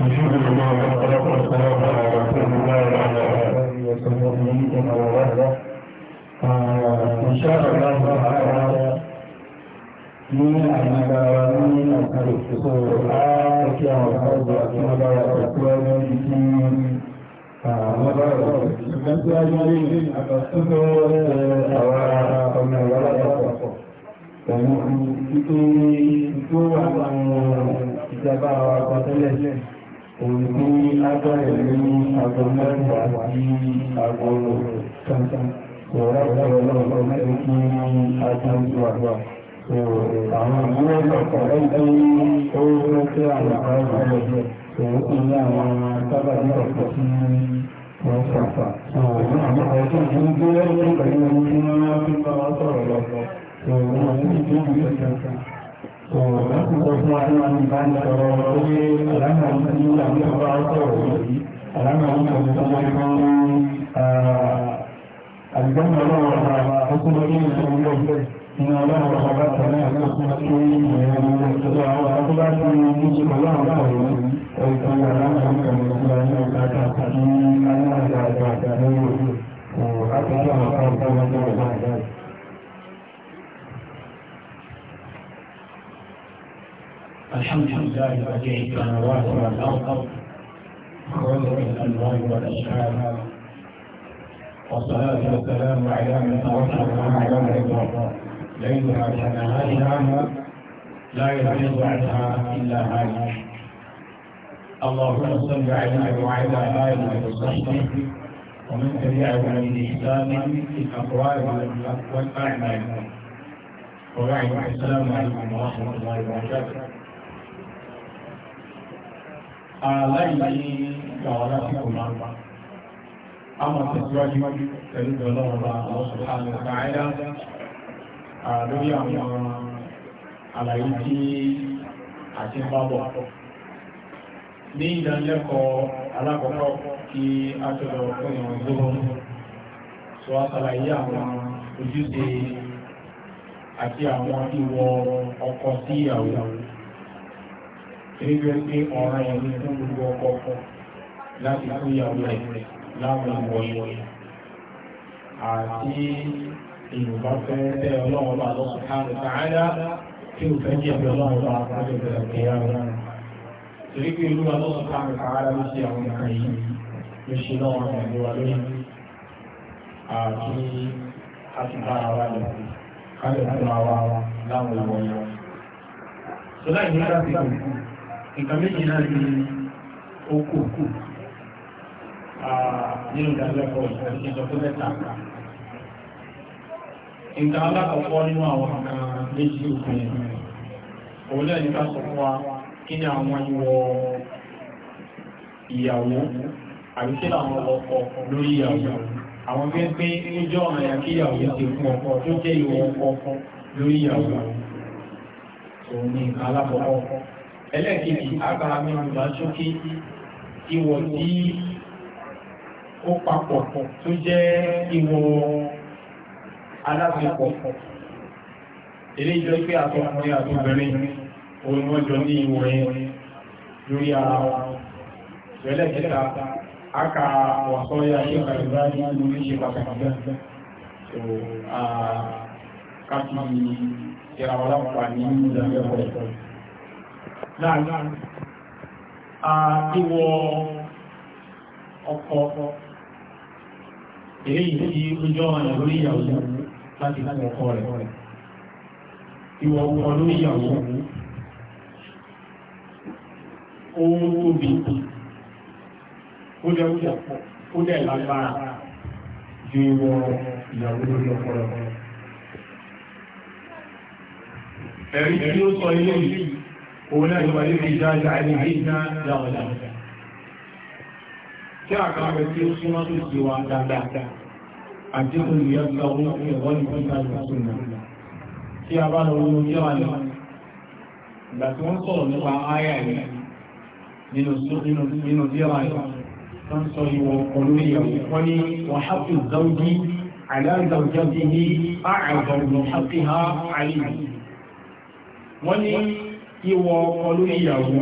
الحمد لله والصلاة والسلام على رسول الله وعلى آله وصحبه ومن والاه إن شاء الله تعالى من المدارين الكسور آتيا والأرض أكمل وتكون بكين Àwọn ọmọ ìwọ́lá ọ̀pọ̀ pẹ̀lú ìdíkẹ́ tó àwọn ìjọba àwọn akọtẹ́lẹ̀ òní agbára ní àgbọ̀ mẹ́wàá sí àgbọ̀ kankan ọ̀rọ̀ ọ̀rọ̀ mẹ́rin kí agbára àgbà àwọn ìwọ̀n lọ́pọ̀ ẹgbẹ́ oókùn tí àwọn àwọn ọ̀rọ̀ òun kò ní àwọn sábàbí ọ̀pọ̀ sí wọ́n fàfà àwọn àwọn ọ̀rọ̀ tó ń gbé ẹgbẹ́ pẹ̀lú ohun tí wọ́n fi bá wọn sọ̀rọ̀ lọ́pọ̀ òun àwọn ìdíjú ìgbẹ́ kankan tó láti sọ fún wa náà ní bá ń sọ̀rọ̀ pé aláàmà ní ìlú àwọn ọba sọ̀rọ̀ yìí aláàmà ní ọdún tó wọ́n kan ní àgbẹ̀mọ̀ ọlọ́wọ́ ọba ọkùnrin ní ìṣòro lọ́wọ́ ní ọlọ́wọ́ ọba tẹ̀lé àkókò الحمد لله بديع السماوات والأرض خلق الألوان والاشعار والصلاة والسلام على من توكل على الرضا ليلها كنهارها لا يحيط عنها إلا هذا اللهم صل على وعلى آله وصحبه ومن تبعهم بإحسان في الأقوال والأعمال وبعد السلام عليكم ورحمة الله وبركاته aláìní ìgbàwà lásìkò máa a ala iji ní ìdánilẹ́kọ̀ọ́ alákọ̀ọ́kọ́ kí a tó lọ fún ìwọ̀n gbóhùn sọ àtàlàyé àwọn ojúṣe àti àwọn ìwọ̀ ọkọ sí ìyàwó Rígbé pé ọ̀rọ̀ ẹni fún gbogbo ọkọ̀ọ̀kọ̀ láti fún ìyàwó rẹ̀ láwọn ìwọ̀nyí. Àti ìrùbá fẹ́ tẹ́ ọlọ́run bá lọ́sùn káàrùn tààdá tí ó fẹ́ jẹ́ ọlọ́run bá lọ́sùn káàrùn torí pé olúwa lọ́sùn káàrùn tààdá ló ṣe àwọn nǹkan yìí ló ṣe lọ́wọ́ àwọn ìlúwa lóyìn àti àtúbára wa lọ kálẹ̀ fún àwa láwọn ìwọ̀nyí. Sọlá ìlú nǹkan méjì náà ní okòókò ah, nínú ìdánilẹ́kọ̀ọ́ ìṣẹ́ ìjọ tó mẹ́ta nǹkan alákọ̀ọ́kọ́ nínú àwọn nǹkan méjì òfin òun náà ní ká sọ fún wa kí ni àwọn ìwọ ìyàwó àbí sí àwọn ọkọ lórí ìyàwó àwọn bí ń pé níjọ́ ọ̀nà yà kí ìyàwó ti fún ọkọ tó jẹ́ ìwọ ọkọ lórí ìyàwó òun ní nǹkan alákọ̀ọ́kọ́ ẹlẹ́ẹ̀kejì agbára mẹ́rin bá ṣókí ìwọ̀ tí ó papọ̀ tó jẹ́ ìwọ̀ alábẹ́pọ̀ ilé ìjọ pé àtọkùnrin àtọbìnrin òun wọ́n jọ ní ìwọ̀ ẹ̀ lórí ara wọn ẹlẹ́ẹ̀kẹta aka wàsọ́yà ṣe kàrìbá ní lórí ṣe pàtàkì káàkiri ìràwọ̀ láàrin ọkọ̀ lórí ìyàwó láti láti ọkọ̀ rẹ̀ ó lẹ́ oúnjẹ pọ̀ ó lẹ́ lágbára ju ìwọ̀ ìyàwó lórí ọkọ̀ ẹ̀rí tí ó sọ ilé yìí ولاد مريم جاز عليهن لا ولا كعك عبدي الصلاة السوا دعك عبدك يبلغ في غني في هذا السنة في أبان ونجوان لكن صلوا نقع آيات من الزيران آية. تنصر وقلوية وقلوية وحق الزوج على زوجته أعظم من حقها عليه وني ìwọ ọkọ lórí ìyàwó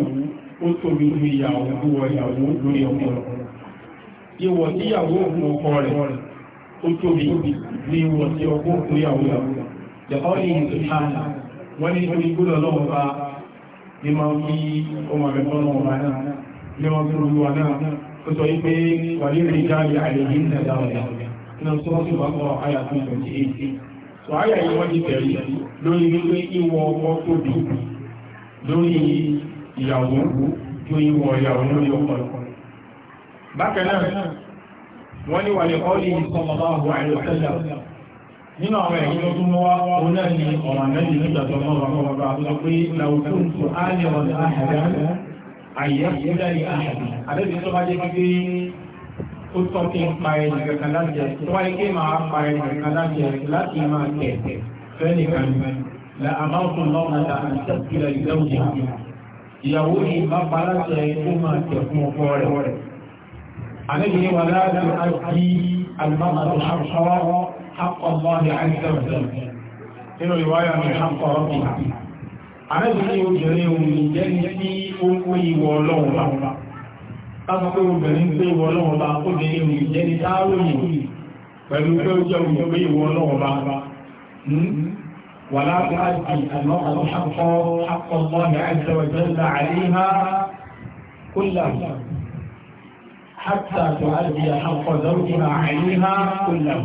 ó tóbi lórí ìyàwó ìwọ ìyàwó lórí ọkọ ìwọ tí ìyàwó òkú ọkọ rẹ̀ ó tóbi ní ìwọ tí ọkọ òkú ìyàwó ìyàwó wọ́n ní orí gbọ́dọ̀ lọ́wọ́ bá ní máa kí ọmọ rẹ̀ tọ́nà ọmọ náà ní wọ́n tó rúwà náà ó sọ wípé wà ní rí jáde àìlèyìn nàdà ọ̀dà náà tó wọ́n sì wá kọ́ àyà tó ń bọ̀ sí èyí. sọ àyà yìí wọ́n ti tẹ̀lé lórí wípé ìwọ ọkọ̀ tóbi lórí ìyàwó tó ìwọ̀ ìyàwó lórí ọkọ̀ bákan náà wọ́n ní wà ní ọ́lì sallallahu alaihi wasallam nínú àwọn ẹ̀yìn ló tún wá òun náà ni ọ̀rọ̀ àmẹ́lì nígbà tó mọ́ ọ̀rọ̀ ọ̀rọ̀ bá lọ pé làwùkún tó áyẹ̀ ọ̀rọ̀ àhàdá àyẹ̀ ìdáyé àhàdá àdébí tó bá jẹ́ pé ó tọ́ kí n pa ẹni kankan láti ẹ̀ tó wáyé pé máa pa ẹni kankan láti ẹ̀ láti máa tẹ̀ fẹ́ni kankan لأمرت المرأة أن تسكر لزوجها ìyàwó yìí bá paláṣẹ tó máa tẹ̀ fún ọkọ rẹ̀. Àlẹ́bìnrin wà láti àjí alìmọ́mọ́tò ṣàkọwọ́ àkọ̀mọ́dé àìsẹ̀rẹ̀ nínú ìwáyà ní àkọ̀rọ̀ bí. Àlẹ́bìnrin obìnrin òun jẹ́ ní sí owó ìwọ̀ ọlọ́run bá. Láti pé obìnrin pé ìwọ̀ ọlọ́run bá, obìnrin jẹ́ ní sáárò yìí pẹ̀lú pé ó jẹ́ òun ìwọ̀ ọlọ́run bá. ولا تؤدي المرأة حقه حق الله عز وجل عليها كلها حتى تؤدي حق زوجها عليها كله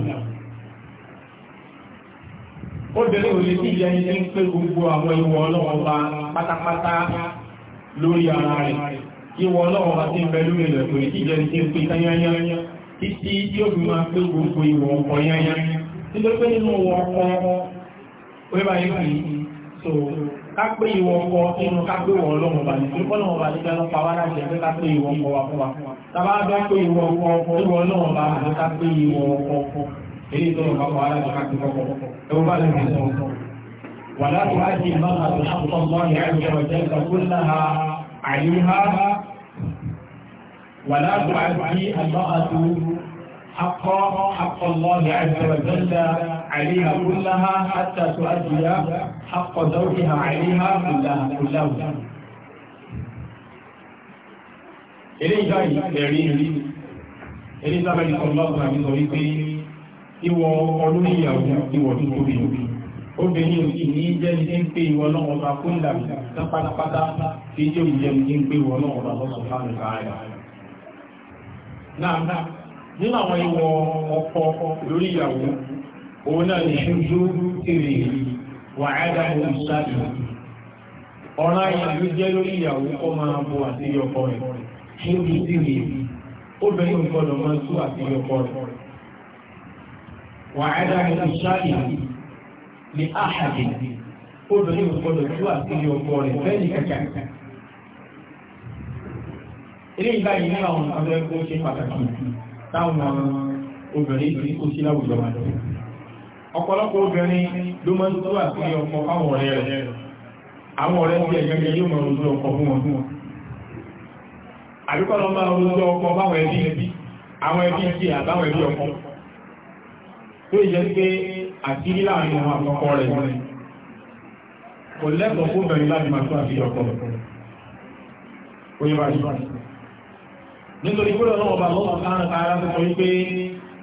obìnrin ò lè sí ìyẹn ní ń pé gbogbo àwọn ìwọ ọlọ́wọ́ bá pátápátá lórí ara rẹ̀ ìwọ ọlọ́wọ́ bá tí ń bẹ lórí rẹ̀ kò lè sí ìyẹn tí pé tányányányá títí tí ó fi máa pé gbogbo ìwọ ọkọ̀ yányá nítorí pé nínú ọkọ̀ wíwá ìpì so kápé ìwọ ọkọ inú kápé ìwọ ọlọ́run bá ní tó lọ́wọ́ bá jẹ́ lọ́pàá wá láti ẹgbẹ́ kápé ìwọ ọkọ wa fún wa tàbá bẹ́ pé ìwọ ọkọ ìwọ ọlọ́run bá àti kápé ìwọ ọkọ èyí tó lọ́pàá wá láti kápé حقا حق الله عز وجل عليها كلها حتى تؤدي حق زوجها عليها كلها كله eléyìí báyìí lẹ́rí rí eléyìí sábà ní ọlọ́pàá àti sọ wípé ìwọ ọdún ìyàwó ìwọ tó tóbi obìnrin òsì ní jẹ́ni tí ń pè ìwọ náà ọba fún ìlànà lápátápátá tí jẹ́ òjẹ́ni tí ń pè ìwọ náà ọba lọ́sọ̀ọ́ fáwọn ìgbà rẹ̀ náà náà nínú àwọn ìwọ ọkọ lórí ìyàwó òun náà lè ṣojú èrè wà ádá ní ìṣáàlì ọ̀rá ìyàwó jẹ́ lórí ìyàwó kọ́ máa bo àti ọkọ rẹ̀ ṣojú èrè obìnrin máa tú àti ọkọ rẹ̀ wà ádá ní ìṣáàlì ní àhàdì obìnrin gbọ́dọ̀ tú àti ọkọ rẹ̀ fẹ́ẹ̀lì kàkà ilé ìgbà yìí ní àwọn ṣe pàtàkì táwọn obìnrin tí kò sí láwùjọ máa lọ. ọ̀pọ̀lọpọ̀ obìnrin ló máa ń tó àṣírí ọkọ fáwọn ọ̀rẹ́ rẹ̀ àwọn ọ̀rẹ́ tí ẹ̀gẹ́gẹ́ yóò máa rojú ọkọ fún wọn fún wọn àbíkọ́lọ́ máa rojú ọkọ fáwọn ẹbí ẹbí àwọn ẹbí ti àbáwọn ẹbí ọkọ tó ìjẹ́ pé àṣírí láàrin àwọn àkọ́kọ́ rẹ̀ kò lẹ́kọ̀ọ́ fún obìnrin láti máa tó àṣírí ọkọ rẹ̀ nítorí gbọ́dọ̀ náà ọba lọ́wọ́ kan ara sọ wípé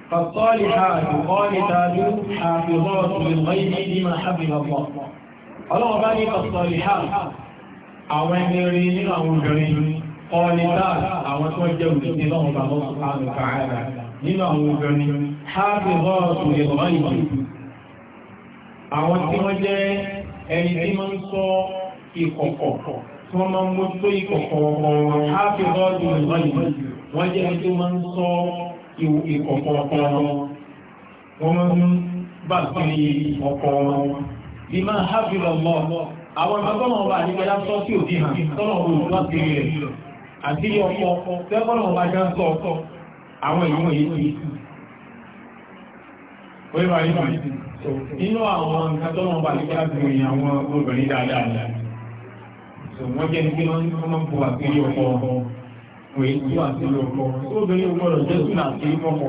fàtọ́lì ààbò kọ́lì tàbí ààbò rọ́ọ̀ tó lè wáyé ní ìmọ̀ àbìlọ́pọ̀ ọlọ́wọ́ bá ní fàtọ́lì àwọn ẹni rí nínú àwọn obìnrin kọ́lì tàbí àwọn tó jẹ́ òṣìṣẹ́ lọ́wọ́ bá lọ́wọ́ kan ààbò rọ́ọ̀ àwọn tí wọ́n jẹ́ ẹni tí máa ń sọ ìkọ̀kọ̀ tí wọ́n máa ń mójútó ìkọ̀kọ̀ ọmọ wọn á fi rọ́ọ̀dù wọ́n jẹ́ ẹni tó máa ń sọ ìkọ̀kọ̀ ọkọ wọn wọ́n máa ń bá kiri ọkọ wọn bí máa hábì lọ mọ́ àwọn ọmọkọ́nà ọba àdìgbẹ́lá sọ sí òbí hàn tọ́nà ọba òṣùwà kiri rẹ̀ àti ọkọ̀ tẹ́kọ̀nà ọba já ń sọ ọkọ̀ àwọn ìwọ̀n yìí ti sùn. Wọ́n yóò wá nípa nínú àwọn nǹkan tọ́nà ọba àdìgbẹ́lá gbìyànjú àwọn obìnrin dáadáa. Wọ́n jẹ́ ní kí wọ́n máa ń bu àkiri ọkọ̀ ọkọ̀ kò é tí àti ọkọ obìnrin gbọ́dọ̀ jẹ́ súnà àti mọ́kọ̀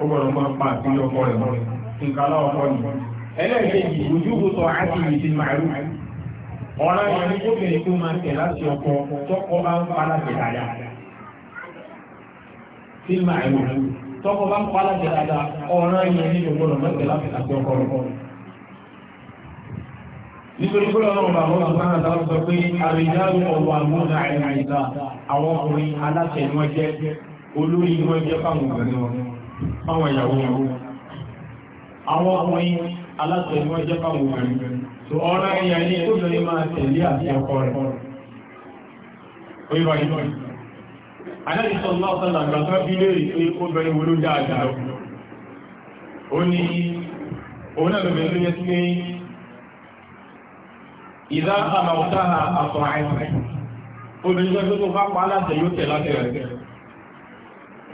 ó gbọ́dọ̀ máa pa àti ọkọ rẹ̀ mọ́ nǹkan aláwọ̀kọ́ ni ẹlẹ́ẹ̀kejì ojúbù sọ àti ìdí màálù ọ̀rọ̀ yẹn ni obìnrin tó máa tẹ̀ láti ọkọ tọ́kọ bá ń pa láti dáadáa sí ọ̀rọ̀ nítorí pé ọlọ́run bàbá wọn sáà dáwọn sọ pé àrídáàrù ọwọ́ àmúna àìríta àwọn ọkùnrin aláṣẹ ni wọ́n jẹ́ olórí ni wọ́n jẹ́ fáwọn obìnrin wọn fáwọn ìyàwó wọn àwọn ọkùnrin aláṣẹ ni wọ́n jẹ́ fáwọn obìnrin tó ọ̀rọ̀ ẹ̀yà ní ẹgbẹ́ máa tẹ̀lé àti ọkọ rẹ̀ ó yíwa inú ẹ̀ aláìsọ̀ lọ́sọ̀lá gbàtọ́ bí léèrè pé obìnrin wo ló dáadáa ó ní ìdá àmàwòtáhà àtọ̀ àìsàn obìnrin tó tó bá pa aláṣẹ yóò tẹ̀ láti rẹ̀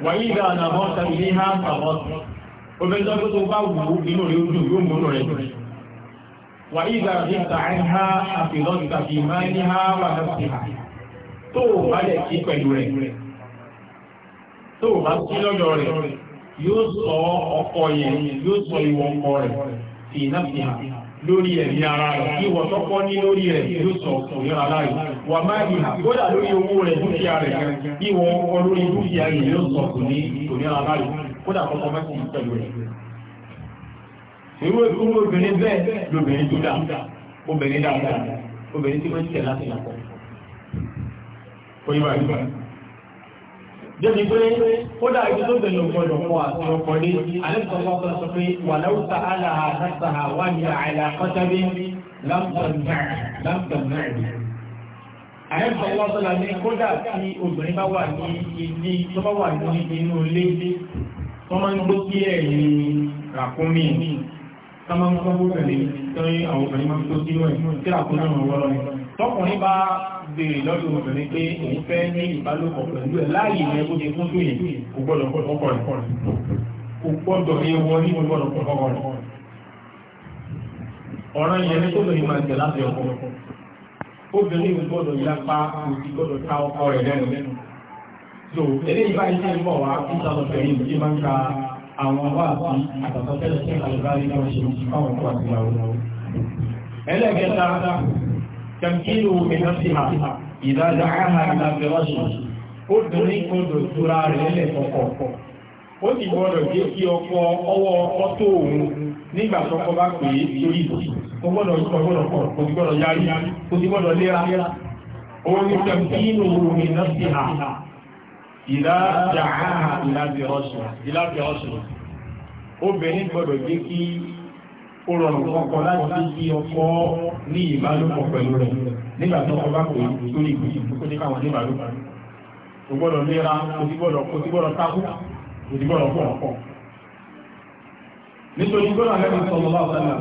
wàyí ìdá àmàwòtá ilé ha àmàwòtá obìnrin tó tó bá wù inú rẹ̀ ojú yóò mú inú rẹ̀ wàyí ìdá àdínkà àìhá àfìlọ́dìkà fi máa ní ha wà láti ha tó bá lẹ̀ sí pẹ̀lú rẹ̀ tó bá sí lọ́dọ̀ rẹ̀ yóò sọ ọkọ yẹn yóò sọ ìwọ ọkọ rẹ̀ fi náà fi hàn lórí ẹ̀mí ara rẹ̀ tí wọ́n tọ́pọ́ ní lórí rẹ̀ yóò sọ òyìnra láì wà máa ní àkódà lórí owó rẹ̀ dúkìá rẹ̀ bí wọ́n ọkọ̀ lórí dúkìá rẹ̀ yóò sọ kò ní òyìnra láì kódà kọ́kọ́ mẹ́sì pẹ̀lú rẹ̀. irú ikú obìnrin bẹ́ẹ̀ lóbìnrin tó dà débi pé ó dá ibi tó bẹ̀rẹ̀ ògbọ́dọ̀ fún àti ọkọ̀ ní alẹ́sọ̀kọ́ sọ pé wà láwùsà aláha lásàá wà ní àìlàkọ́tẹ́bí lámtọ̀nàìdì àìsọ̀wọ́ sọ́lá ní kódà tí obìnrin bá wà ní ilé tó bá wà ní inú ilé tó máa ń gbó sí ẹ̀yìn ràkúnmí tó máa ń gbọ́ bóbẹ̀rẹ̀ tó àwọn obìnrin máa ń gbó sí ẹ̀yìn tí ràkúnmí tọkùnrin bá béèrè lọ́dún obìnrin pé òun fẹ́ ní ìbálòpọ̀ pẹ̀lú ẹ̀ láàyè yẹn bó ṣe fún tóyìn kò gbọ́dọ̀ pọ̀ ọkọ̀ rẹ̀ kò gbọ́dọ̀ ní ewu ní gbọ́dọ̀ pọ̀ ọkọ̀ rẹ̀ ọ̀ràn yẹn ní tóbi máa tẹ̀ láti ọkọ̀ obìnrin gbọ́dọ̀ yapa kò sì gbọ́dọ̀ ta ọkọ̀ rẹ̀ lẹ́nu lẹ́nu so eléyìí báyìí ṣe ń bọ̀ wá kí sábà fẹ̀yìn tí máa ń ka àwọn wá sí àtàkọ́tẹ́lẹ̀ tí àlùbáyé náà ṣe ń fi fáwọn ọkọ̀ àti ìyàwó ẹlẹ́gẹ̀ẹ́ta تمكينه من نفسها إذا دعاها إلى فراشها obìnrin gbọdọ̀ tura rẹ̀ lẹ́kọ̀ọ̀kọ̀ ó sì gbọdọ̀ gé kí ọkọ ọwọ́ ọkọ tó òun nígbà tọkọ bá pè é lórí ìdí ó gbọdọ̀ gbọdọ̀ kọ̀ kò sì gbọdọ̀ yarí kò sì gbọdọ̀ léra òun ni tẹ̀kínú omi náà sí ha ìlà dàá ìlà bẹ̀rọ̀ṣù obìnrin gbọdọ̀ gé kí ó rọrùn kọ́kọ́ láti yí ọkọ ní ìbálòpọ̀ pẹ̀lú rẹ̀ nígbà tó ọba kò lórí ìgbìyànjú kó ní káwọn níbàlòpọ̀ kò gbọ́dọ̀ lera kò sí gbọ́dọ̀ tákù kò sí gbọ́dọ̀ pọ̀ ọ̀pọ̀ nítorí gbọ́dọ̀ lẹ́nu sọ̀rọ̀ bá ọ̀sán náà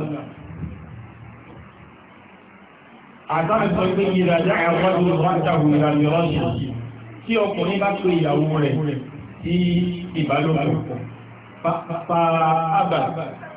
àtàrí sọ pé ìrìnàjò àwọn ìwádàwò ìrìnàjò rọ́ṣì tí ọkùnrin bá pé ìyàwó rẹ̀ sí ìbálòpọ̀ pa àgbà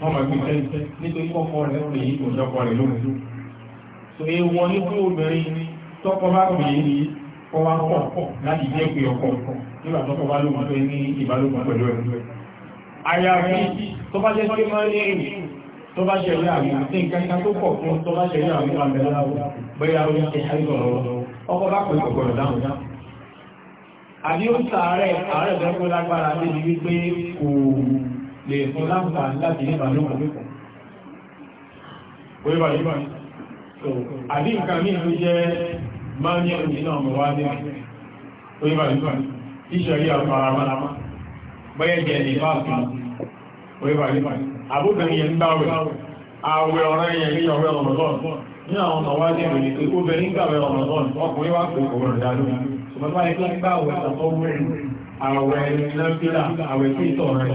wọ́n máa gbé tẹ́lẹ̀ nítorí kọ́kọ́ rẹ̀ rẹ̀ yìí kò jọpọ̀ rẹ̀ lónìí so e wọ́n ní fún obìnrin tọ́kọ bá pè é ní kọ́ wá pọ̀ láti jẹ́ pé ọkọ̀ nígbà tọ́kọ bá lóun fẹ́ ní ìbálòpọ̀ pẹ̀lú ẹ̀ àyàfi tó bá jẹ́ pé máa ń rí ìrìn tó bá ṣe rí àmì nǹkan tó tó bá ṣe rí àmì àmìláwó lè fún láǹfà láti ní ìbànúmọ̀ lókùn orí bàyí bàyí so àbí nǹkan mí ló jẹ́ máa ní ẹ̀rùn iná ọmọ wá ní orí bàyí bàyí ìṣẹ̀rí àwọn aramọ́lámá bọ́yẹ̀ jẹ́ ní fáàkì orí bàyí bàyí yẹn ń dáwẹ̀ àwẹ̀ ọ̀rẹ́ yẹn ní ọ̀rẹ́ ọmọdọ́n ní àwọn ọmọ wá ní ìròyìn pé obìnrin gbàwẹ̀ ọmọdọ́n ọkùnrin wá pé òun rẹ̀ dánú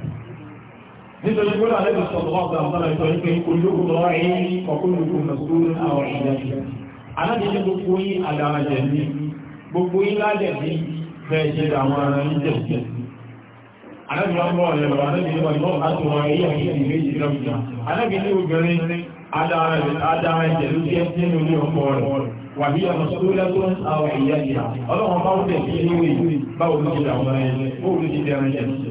nítorí gbọ́dọ̀ àlejò sọ̀rọ̀ ọ̀gá ọ̀gá ìtọ́ ní pé ológun lọ rí ọkùnrin mọ̀sùlùmí àwọn ìyẹn aláàbí ní gbogbo yín àdára jẹ̀bi gbogbo yín ládẹ̀bi bẹ́ẹ̀ ṣe àwọn ará ní jẹ̀bi aláàbí wọn bọ̀ ọ̀rẹ́ lọ aláàbí ní wọn bọ̀ láti wọn rí ọ̀gá ìdí méjì lọ́gbà aláàbí ní obìnrin adára jẹ̀lú jẹ́ nínú ilé tó ń àwọn ìyá ìyá ọlọ́run báwo tẹ̀ sí ilé ìwé báwo ló ti dà wọn rẹ̀ báwo ló ti dẹ̀ rẹ̀ jẹ̀bi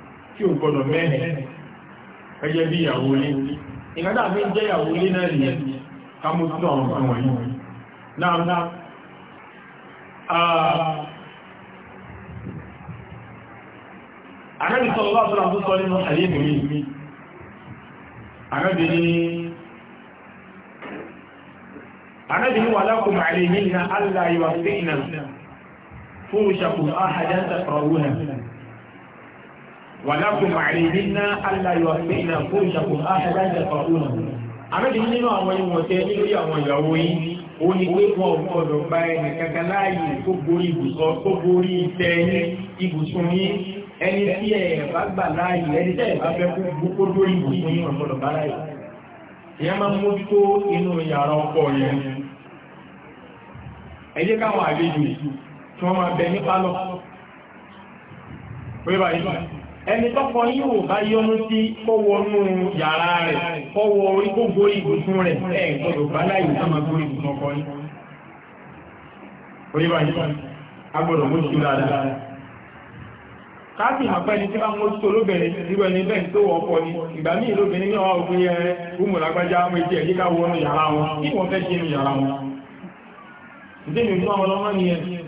tí ò gbọdọ̀ mẹ́rin ẹjẹ́ bí ìyàwó ilé ìgbádà fi ń jẹ́ ìyàwó ilé náà nìyẹn ká mú sí àwọn ọ̀sán wọ̀nyí náà Àrẹ́bì sọ́lọ́lá sọ́lá tó sọ nínú àyébì mi. Àrẹ́bì ni, Àrẹ́bì ni wà lákùn àrẹ́ yìí na Allah yíwa sí ìnà fún ìṣàkùn áhàjá tàfàwó náà. wàlákùn àìrìnà aláyọ̀sí ìnà fún ìṣàkùn áhẹ́láìjẹ̀kọ̀ọ́nà àmẹ́dìí nínú àwọn ìwọ̀n tẹ́ àwọn ìyàwó yìí ó ní pé wọ́n gbọ́dọ̀ gba ẹni kankan láàyè tó borí ibùsọ tó borí ibùsùn yìí ẹni tí ẹ̀ bá gbà láàyè ẹni bá ibùsùn yìí bá láàyè máa ń mójútó inú yàrá ọkọ yẹn káwọn àlejò tí máa bẹ pé báyìí ẹni tọ́kọ yín ò bá yọnu sí kó wọnú yàrá rẹ kọwọ orí kó gorí ìbùsùn ẹ gorí ìbùsùn ọkọ yín. orí báyìí a mú àpá ẹni tí mú ẹni tó wọ ọkọ ni ìgbà míì lóbìnrin ní ọwọ́ òfin yẹn gbúmọ̀ lágbájá àwọn ètí wọnú yàrá wọn kí ṣe yàrá wọn. ìdí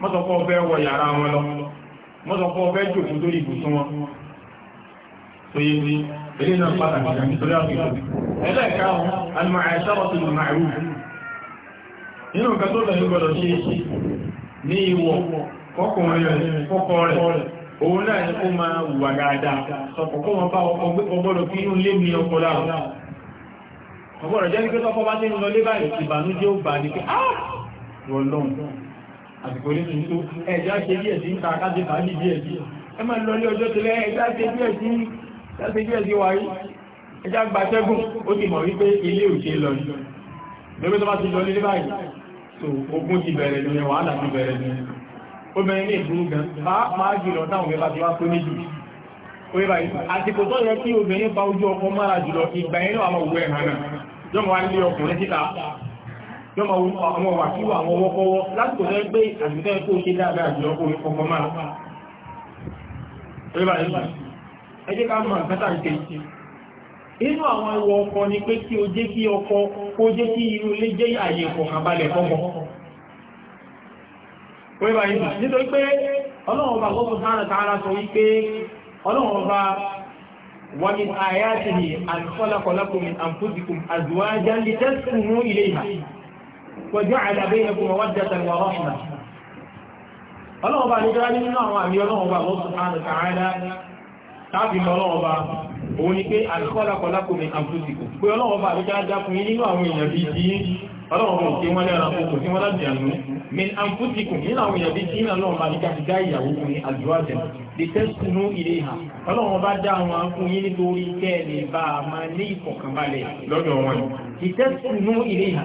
mọ́sọ̀kọ́ ọbẹ̀ wọ yàrá wọn lọ mọ́sọ̀kọ́ ọbẹ̀ jòkó lórí ibùsùn wọn tó yé sí ilé náà pàtàkì ìjàmítorí àgbègbè ẹlẹ́ẹ̀kárùn alìmọ̀ àìsàrọ̀ tó lè máa rú nínú nǹkan tó lẹ́yìn gbọdọ̀ ṣe é ṣe ní ìwọ̀ kọkùnrin rẹ̀ kọ́kọ́ rẹ̀ òun náà ni kó máa wùwà dáadáa sọ̀pọ̀ kó wọn bá ọgbọ́dọ̀ kí inú lé mi ọkọ̀ láàrùn ọgbọ́dọ̀ jẹ́ wípé tọ́kọ́ bá tí ń lọ lé báyìí ìbànújẹ́ ó ní pé ah wọ́n lọ́nà àsìkò ní tòun tó ẹ̀já ṣe díẹ̀ sí ń ta káṣe fàájì díẹ̀ sí ẹ máa lọ ní ọjọ́ tẹ́lẹ̀ ẹ̀já ṣe díẹ̀ sí ẹ̀já ṣe díẹ̀ sí wáyé ẹ̀já gba tẹ́gùn ó ti mọ̀ wípé ilé ò ṣe lọ ní lórí tó bá ti lọ ní báyìí tó ogun ti bẹ̀rẹ̀ ní wàhálà ti bẹ̀rẹ̀ ní obìnrin ní ìbúrú gan máa jùlọ táwọn mẹ́fà ti wá tó ní jù orí báyìí àsìkò tó yẹ kí obìnrin pa ojú ọkọ mára jùlọ ìgbà yẹn náà àwọn òwe ẹ̀hàn náà jọ́mọ̀ wá nílé ọkùnrin síta yọ́ ma wọ́n àwọn ọ̀wà tí wà àwọn ọwọ́kọ́wọ́ láti kò fẹ́ gbé àjùfẹ́ kó ṣe dáadáa jù ọkọ̀ ọkọ̀ máa ríbà nígbà ẹ jẹ́ ká mọ̀ nǹkan tàbí tẹ̀sí inú àwọn ẹwọ ọkọ ni pé kí o jẹ́ kí ọkọ kó jẹ́ kí irú ilé jẹ́ àyè ìfọ̀kànbalẹ̀ fọ́mọ ríbà nígbà nítorí pé ọlọ́run ọba gbọ́dọ̀ sára tààrà sọ wípé ọlọ́run ọba ومن آياته أن خلق لكم من أنفسكم أزواجا لتسكنوا إليها وجعل بينكم مودة ورحمة ọlọ́wọ́ bá nígbà nínú àwọn àmì ọlọ́wọ́ bá lọ́sùn àrùn tààdá tàbí ọlọ́wọ́ bá òun ni pé àlùkọ́lákọ́lákò ní àbúrúsìkò pé ọlọ́wọ́ bá nígbà dákun nínú àwọn èèyàn bí i ọlọ́wọ́ bá òkè wọ́n lẹ́ra kòkò tí wọ́n láti àánú min àbúrúsìkò nínú àwọn èèyàn bí i ọlọ́wọ́ bá nígbà dá ìyàwó fún ní àdúrájẹ lè tẹ́sùnú ilé ha ọlọ́wọ́ bá dá wọn fún yín nítorí kẹ́ẹ̀ lè bá a máa ní ìfọ̀kànbalẹ̀ lọ́dọ̀ wọn lè tẹ́sùnú ilé ha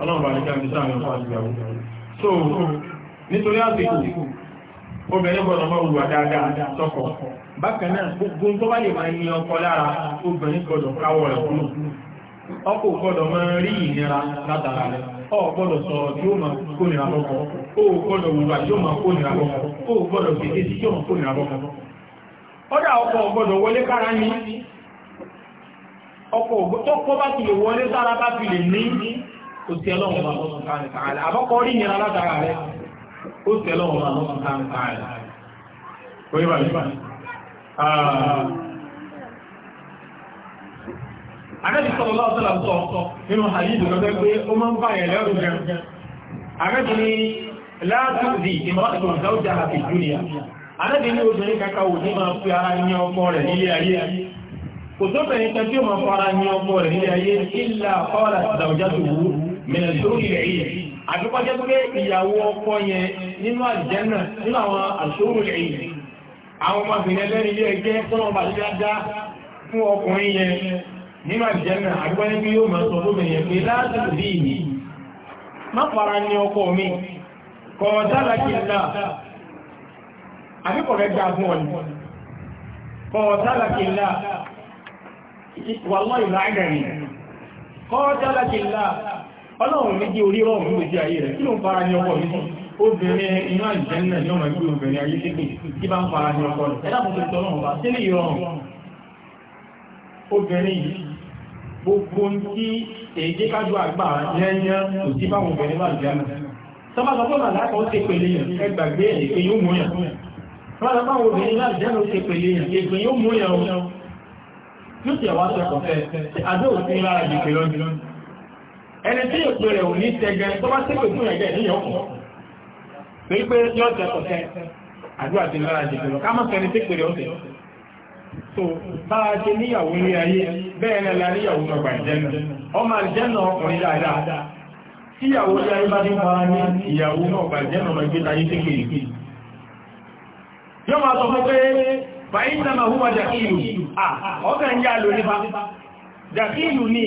ọlọ́ọ̀bà ní so nítorí àsìkò obìnrin gbọ́dọ̀ mọ́ wùwà dáadáa sọ́kọ bákan gbogbo tó bá lè máa ní ọkọ lára obìnrin gbọ́dọ̀ káwọ́ rẹ̀ kúrò ọkọ gbọ́dọ̀ máa rí ìnira látara rẹ̀ gbọ́dọ̀ tí ó máa kó ó ti ọlọ́run máa lọ́sùn káàrin káàrin àbọ́kọ́ orí ìyẹn alátara rẹ̀ ó ti ọlọ́run máa lọ́sùn káàrin káàrin orí bàbí bàbí. Àrẹ́bì sọ̀rọ̀ lọ́sọ̀lá sọ nínú àyíjù lọ́gbẹ́ pé ó máa ń bá ẹ̀rẹ́ ọdún jẹun. Àrẹ́bì ni látàrí ìmọ̀lẹ́sọ̀ ìdáwójá àti júnìyà. Àrẹ́bì ni obìnrin kaka ò ní máa fi ara ní ọkọ rẹ̀ nílé ayé. Kò tó bẹ̀rẹ̀ tẹ́ máa fara ní ọkọ rẹ̀ nílé ayé, ìlà ọ̀rà ìdáwójá tó wú mìnà ìṣòrí rẹ̀ yìí àbíkọ́jẹ́ pé ìyàwó ọkọ yẹn nínú àjẹ́nà nínú àwọn àṣòrí rẹ̀ yìí àwọn ọmọbìnrin ẹlẹ́rin ilé ẹgbẹ́ tọ́nà ọba àti dá fún ọkùnrin yẹn nínú àjẹ́nà àbíkọ́jẹ́ pé yóò máa sọ lóbìnrin yẹn pé láàrín bí ìní má fara ní ọkọ mi kọ̀ sálákì náà àbíkọ̀ rẹ̀ fún ọ̀nì kọ̀ sálákì náà wàlọ́ ìlà àgàrí kọ̀ sálákì náà ọlọ́run méjì orí rọrùn ló jẹ́ ayé rẹ̀ kí ló ń fara ní ọkọ̀ yìí obìnrin iná ìjẹ́nà ní ọmọ ìgbé obìnrin ayé kéèkì tí bá ń fara ní ọkọ̀ rẹ̀ ẹ̀dá fún tuntun ọlọ́run bá sílé ìrọrùn obìnrin yìí gbogbo tí èdè kájú àgbà yẹ́yẹ́ kò sí báwọn obìnrin bá jẹ́ náà sọ́bà sọ pé màlá kan ṣe pèlè yẹn ẹgbàgbé èké yóò mú yàn sọ́bà sọ pé àwọn obìnrin bá jẹ́ náà ṣe pèlè o yóò ti àwọn aṣọ ẹ̀kọ́ fẹ́ àdó òfin ẹni tí èpè rẹ̀ ò ní tẹ́gẹ́ tó bá tẹ́pẹ̀ fún ẹ̀gẹ́ ní ọkọ̀ pé pé yọ́ tẹ́ kọ̀tẹ́ àdúrà ti lára jẹ́ pẹ̀lú kámọ́ sẹ́ni tí pèrè ọ̀tẹ̀ so bá a ti níyàwó ní ayé bẹ́ẹ̀ ni la níyàwó mọ̀gbà ìjẹ́nà ọmọ àìjẹ́nà ọkùnrin dáadáa tíyàwó ní ayé bá ní bá ní ìyàwó mọ̀gbà ìjẹ́nà ọmọ ìgbé ayé tí pèrè pè yọ́ máa sọ fún pé fàyín náà máa hùwà jàkílù ọkàn yá lórí bá jàkílù ni.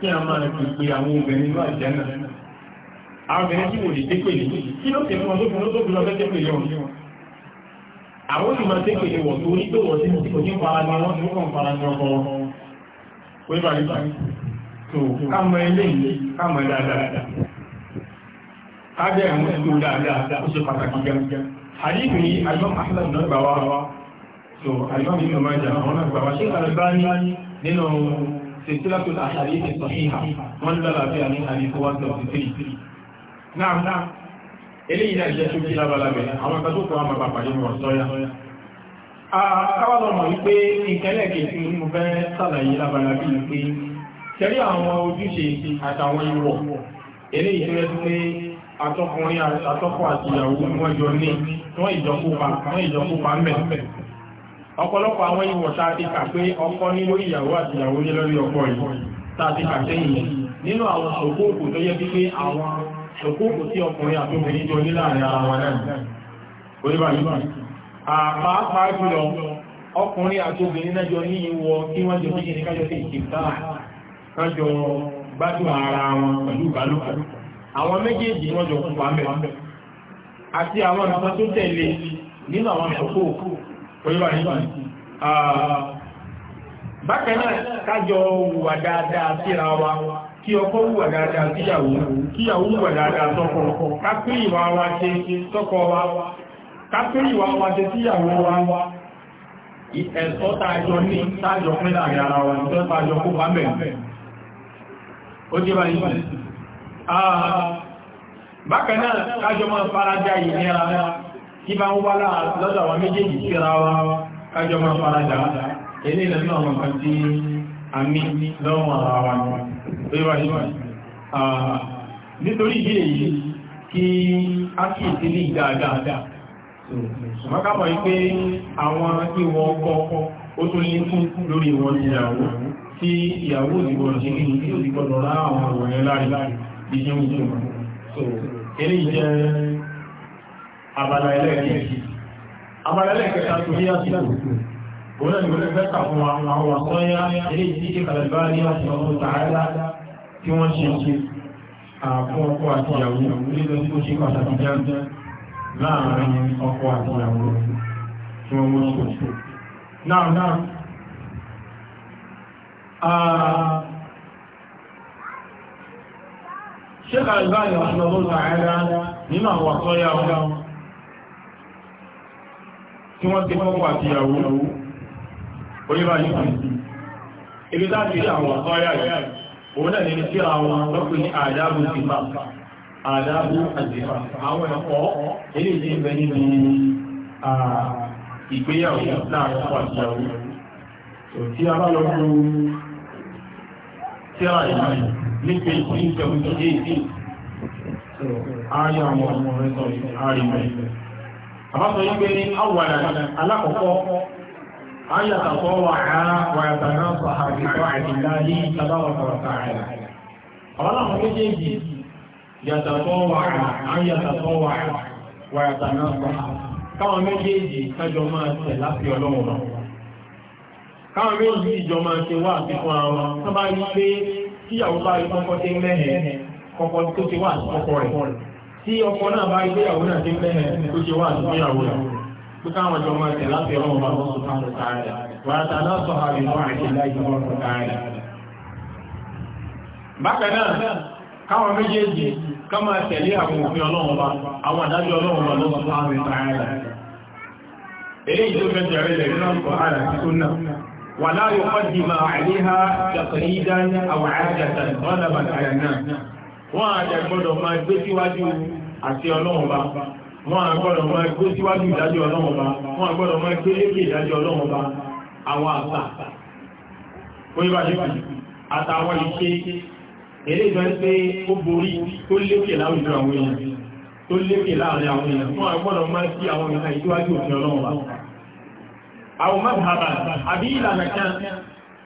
kí a máa ti pé àwọn obìnrin ní àjẹ́nà àwọn obìnrin tí wò lè dé pè ní kí ló tẹ̀ fún wọn tó fi lọ́tọ́ fi lọ fẹ́ pè yọ àwọn òṣì máa tẹ́pẹ̀ ní wọ̀n tó ní tó wọ́n sí ní kò ní fara ní wọ́n tó kàn fara ní ọkọ̀ wọ́n tó kámọ ilé ìlé kámọ dáadáa so àjọ́ mi náà máa jà àwọn náà gbà سلسلة الأحاديث الصحيحة والبلا في عن الحديث 173 نعم نعم eléyìí náà jẹ́ ṣókí lábalábẹ̀ àwọn ìpàdé òkú àwọn bàbá pàdé wọn sọ́yá káwàlọ́mọ̀ wípé ìkẹ́lẹ̀ kèsí ní mo fẹ́ sàlàyé lábalábẹ̀ ní pé tẹ́rí àwọn ojúṣe àtàwọn ìwọ̀ eléyìí tó yẹ pé atọ́kùnrin atọ́kọ̀ àti ìyàwó wọ́n jọ ní wọ́n ìjọkópa mẹ́ ọ̀pọ̀lọpọ̀ àwọn ìwọ̀ tá a ti kà pé ọkọ ní lórí ìyàwó àti ìyàwó ní lórí ọkọ yìí tá a ti kà sẹ́yìn nínú àwọn ṣòkóòkò tó yẹ wípé àwọn ṣòkóòkò tí ọkùnrin àti obìnrin jọ ní láàrin ara wọn náà oníbà yìí pàápàá jùlọ ọkùnrin àti obìnrin náà jọ ní ìwọ kí wọ́n jọ kíkiri kájọ sí nínú àwọn ṣòkóòkò pẹ̀lúwà níbi bákanáà kájọ wùwà dáadáa síra wa kí ọkọ wùwà dáadáa síyàwó kíyàwó wùwà dáadáa sọ́kọ kápé ìwà wa ṣe sọ́kọ wa kápé ìwà wa ṣe síyàwó wa ẹ̀sọ́ tààjọ ní tààjọ pínlẹ̀ àríyàrá wa tó tí bá ń wá lọ́dọ̀ àwọn méjèèjì síra wa kájọ máa farada ilé ìlànà àwọn nǹkan tí a mí lọ́wọ́ ara wa ní oríwájú nítorí ìdí èyí kí a kì í sí ní dáadáa mọ́kàbọ̀ yí pé àwọn ìwọ ọkọ̀ ó tún lé fún lórí wọn ìyàwó tí ìyàwó òdìbò ṣe ní ìdíkọ̀lọ́rá àwọn abala ẹlẹ́ẹ̀kẹ́ẹ̀kì abala ẹlẹ́ẹ̀kẹta tó ní àsìkò òun náà ni wọ́n fẹ́ kà fún àwọn àwọn àkọ́yá ilé ìdí ìkàlẹ̀bá ní àti ọmọ tààlá tí wọ́n ṣe ṣe àfún ọkọ àti ìyàwó nílò tí ó ṣe pàtàkì jáde láàárín ọkọ àti ìyàwó nínú àwọn àkọ́yá ọ̀gá tí wọ́n ti fọ́kọ̀ àti ìyàwó orílẹ̀ yìí sí ibi láti rí àwọn ọ̀tọ́yà yìí òun náà ní sí àwọn lọ́pẹ́ ní àdábù ìfà àdábù àdìfà àwọn ẹ̀kọ́ ilé ìdí ń bẹ nínú ìgbéyàwó láàrín ọkọ àti ìyàwó tí a bá lọ fún tíra ìlú nípe ìpínlẹ̀ ìjọba ìdí àárín àwọn ọmọ rẹ̀ sọ̀rọ̀ àárín mẹ́rin àbáṣọ yìí pé awàdà alákọ̀ọ́kọ́ ayàtàkọ́ wà á wàyàtà náà sàhàbí wà àdìlá ní tàbáwàtàwà sàárà méjèèjì yàtàkọ́ wà á ayàtàkọ́ wà á wàyàtà náà sàhàbí káwọn méjèèjì méjèèjì tí ọkọ náà bá ìgbéyàwó náà ti pẹ́ tó ṣe wà nígbéyàwó rẹ̀ tó káwọn jọ máa tẹ̀ láti ọlọ́run bá lọ́sùn káàrọ̀ káàrẹ̀ wàrátà náà sọ àrẹ̀ náà àti láìsí ọlọ́run káàrẹ̀. bákan náà káwọn méjèèjì ká máa tẹ̀lé àwọn òfin ọlọ́run bá àwọn àdájọ́ ọlọ́run bá lọ́sùn káàrẹ̀ káàrẹ̀. eléyìí tó fẹ́ jẹ̀rẹ̀ lẹ̀ nínú àkọ́ àrà tó náà wà láyọ̀ wọ́n àjà gbọ́dọ̀ máa gbé síwájú àti ọlọ́run bá wọ́n àgbọ́dọ̀ máa gbé síwájú ìdájọ́ ọlọ́run bá wọ́n àgbọ́dọ̀ máa gbé lékè ìdájọ́ ọlọ́run bá àwọn àṣà oníbàṣẹ́kù àtàwọn ìṣe eré ìjọ pé ó borí tó lékè láwùjọ àwọn èèyàn tó lékè láàrin àwọn èèyàn wọ́n àgbọ́dọ̀ máa sí àwọn ìhà ìṣíwájú òfin ọlọ́run bá àwọn mọ́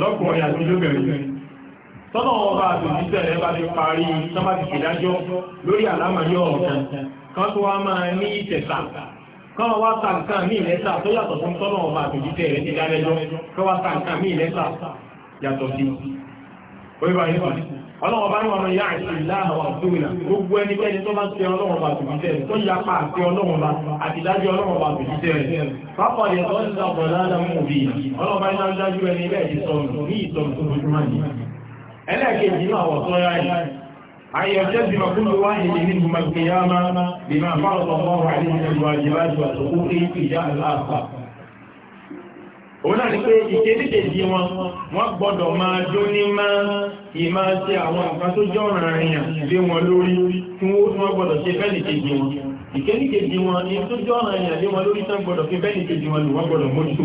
lọ́kùnrin àti lóbìnrin tọ́nà ọba àtòjíṣẹ́ rẹ̀ bá ti parí sọ́mà ti ṣèdájọ́ lórí àlámàyọ́ ọ̀kan kan tó wá máa ní ìtẹ̀sà kan wá ta nǹkan ní ìlẹ́sà tó yàtọ̀ fún tọ́nà ọba àtòjíṣẹ́ rẹ̀ ti dálẹ́jọ́ kan wá ta nǹkan ní ìlẹ́sà yàtọ̀ sí orí bá yẹn ọlọ́wọ́ bá ní ọmọ ìyá àti ìlànà ọ̀túnlá gbogbo ẹnikẹ́ni tó bá ti ọlọ́wọ́ bá tòbí tó pa àti ọlọ́wọ́ bá àtìdájú ọlọ́wọ́ bá tòbí tẹ́rẹ̀ pápọ̀ ìyẹ̀tọ́ ń mú ọlọ́wọ́ bá ní dájú ẹni òun náà ní pé ìkéníkèjì wọn wọ́n gbọ́dọ̀ máa jó ní máa ìmá ṣe àwọn nǹkan tó jọ ọ̀ràn èèyàn lé wọn lórí tí wọ́n gbọ́dọ̀ ṣe fẹ́nìkèjì wọn ìkéníkèjì wọn ní tó jọ ọ̀ràn èèyàn lé wọn lórí tán gbọ́dọ̀ fi fẹ́nìkèjì wọn lù wọ́n gbọ́dọ̀ mójútó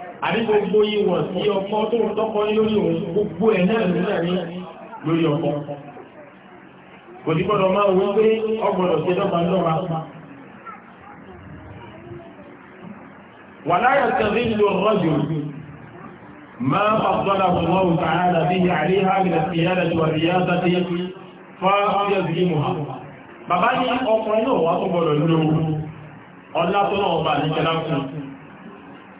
àbí gbogbo ìwọ̀n sí ọkọ tó ń tọ́kọ lórí òun gbogbo ẹ̀ náà nígbà ní lórí ọkọ kò sí gbọ́dọ̀ máa wí pé ọgbọ̀dọ̀ ṣe dọ́gba lọ́ra wà láyọ̀ tẹ̀lé ìlú rọ́jò ما فضله الله تعالى به عليها من القيادة والرياضة فيظلمها bàbá ní ọkùnrin náà wá tó gbọ́dọ̀ lóòrùn ọlá tó náà bá ní kẹlá fún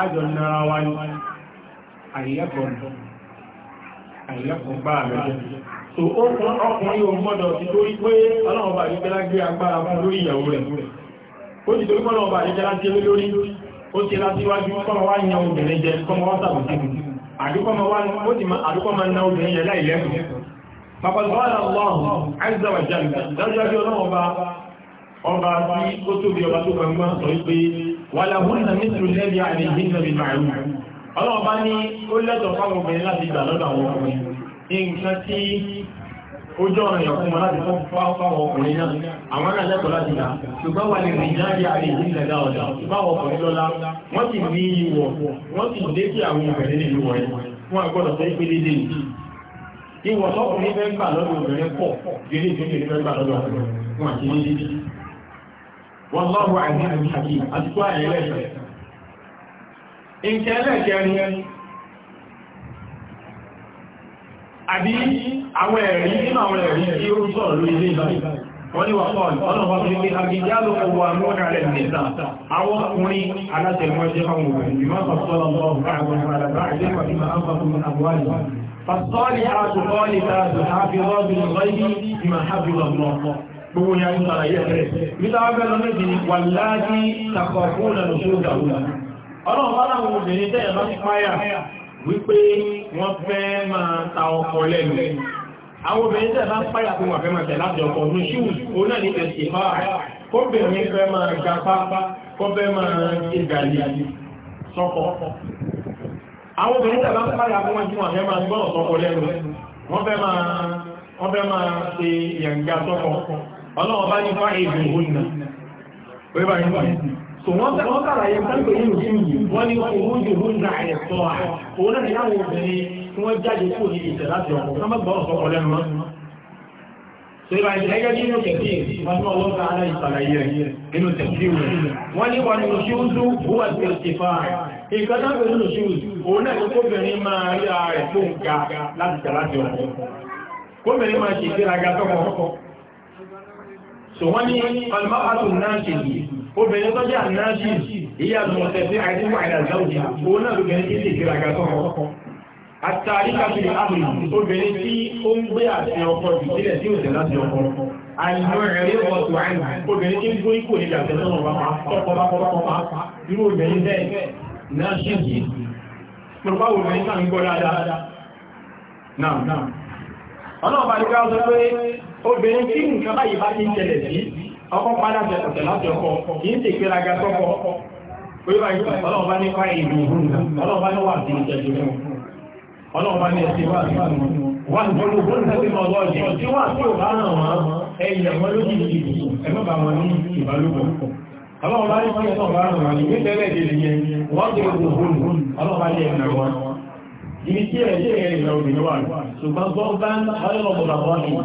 ajọ nára wá ní àìlẹ́kọ̀ọ́ so ọkùnrin o mọ́dọ̀ ti pé gbé agbára fún lórí ìyàwó rẹ̀ ó ti torí lórí ó ti kọ́mọ wá yan obìnrin jẹ kọ́mọ wá wá ní ó ti ná obìnrin láìlẹ́kùn ọba tí ó tóbi ọba tó sọ wàlàhúnnà mítìlú lẹ́bí àríhìnnà bí màálù ọlọ́wọ́ bá ní ó lẹ́tọ̀ fáwọn obìnrin láti gbà lọ́dọ̀ àwọn ọkùnrin nǹkan tí ó jọ ọ̀rọ̀ ìyàkún wọn láti fáwọn ọkùnrin náà àwọn náà lẹ́tọ̀ láti gbà ṣùgbọ́n wà ní rìnjáde àríhìnnà dáadáa ṣùgbọ́n ọkùnrin lọ́lá wọ́n sì ní ìwọ̀ wọ́n sì lé sí àwọn obìnrin nínú wọn fún àgbọ̀dọ̀ fẹ́ pé dédé ìwọ̀ tọkùnrin fẹ́ gbà lọ́dọ̀ obìnrin pọ̀ wọ́n lọ́wọ́ àìní àti àtúkọ́ àìlẹ́ẹ̀kẹ́ ìkẹ́ ẹlẹ́ẹ̀kẹ́rin àbí àwọn ẹ̀rí nínú àwọn ẹ̀rí tí ó sọ̀rọ̀ lórí ilé ìbáyìí wọ́n ni wà pọ̀lù ọlọ́wọ́ fi pé agidjálò owó amúnàrẹ̀ nìta àwọn ọkùnrin alátẹ̀mọ́jẹ́ àwọn obìnrin ìmọ́ sọ̀tọ́lọ́ ọgbà àwọn àgbàlagbà àdékọ̀ ìmọ̀ àpapọ̀ فالصالحات قالتات حافظات الغيب بما حفظ الله gbogbo ya ń sara yẹ rẹ̀ nígbà wá bẹ́ẹ̀ lọ méjì ni wà láti takọ̀ fún ọ̀nà lóṣù ìdàwó ọlọ́run bá láwọn obìnrin tẹ́yẹ̀ bá ti páyà wípé wọ́n fẹ́ máa ta ọkọ lẹ́nu àwọn obìnrin tẹ́yẹ̀ bá páyà fún wà fẹ́ máa tẹ̀ láti ọkọ ní ṣíwù ó náà ní ẹ̀sìn bá kóbìnrin fẹ́ máa ga pápá kọ́bẹ́ máa ṣe gàlì àwọn obìnrin wọn fẹ́ máa gbọ́nà sọ́kọ lẹ́nu wọ́n fẹ́ máa ṣe yẹ̀ǹgà sọ́kọ̀ ọlọ́wọ́n bá ní fá èdè òun náà wíwá ìwọ̀n so wọ́n sàlàyé sáńpẹ̀ nínú kí ni wọ́n ní òun jù òun náà ẹ̀sọ́ à òun náà yáwó obìnrin tí wọ́n jáde kúrò ní ìṣẹ̀ láti ọkọ̀ tó má gbọ́rọ̀ sọ́kọ̀ lẹ́nu mọ́ so ìbá ìṣẹ́ gẹ́gẹ́ nínú kẹ̀kẹ́ wọn tó ọlọ́ta ara ìsàlàyé rẹ̀ nínú tẹ̀kẹ́ rẹ̀ wọ́n ní wọn nínú ṣíwúzú wúwà tí ó ti fa rẹ̀ nǹkan tó ń pè nínú ṣíwúzú òun náà tó kóbìnrin máa rí ara tó ń ga láti tẹ̀ láti ọkọ̀ kóbìnrin máa ṣe ìgbéraga tọkọ̀ so wọ́n ní almahatu náàṣì yìí obìnrin tó jẹ́ ànáṣì ìyá àtúnwọ̀tẹ̀ sí àìsíwà ìdàzáwòjì òun náà lóbìnrin tí lè gbéraga tó ọkọ àtàríkàfìlì àmì obìnrin tí ó ń gbé àti ọkọ jù tí ó tẹ̀ láti ọkọ ọlọ́ọ̀bá ní ká pé obìnrin tí nǹkan báyìí bá ti ń ṣẹlẹ̀ sí ọkọ padà tẹ̀tẹ̀ láti ọkọ kì í sì gbéraga sọ́kọ oríba ìlú ọlọ́ọ̀bá ní pa ìlú ọlọ́ọ̀bá ní wà sí ìjẹ̀jù fún ọlọ́ọ̀bá ní ẹ̀sìn wà sí wà ní gbogbo gbogbo sí ọlọ́ ọ̀jẹ̀ tí wà sí òbá ràn wọ́n ẹ̀yẹ̀ wọn lójú ìdìbò ẹ̀mọ́bà wọn ní ìbálòpọ̀ ọlọ́ọ̀bá ní pàṣẹ náà bá ràn wọ́n ní pẹ́lẹ̀ dèlè yẹn wọ́n ti gbogbo ọlọ́ọ̀bá ní ẹ̀nà wọn ibi tí ẹ̀jẹ̀ ẹ̀rẹ̀ ìlà òbí wà ṣùgbọ́n gbọ́n bá ń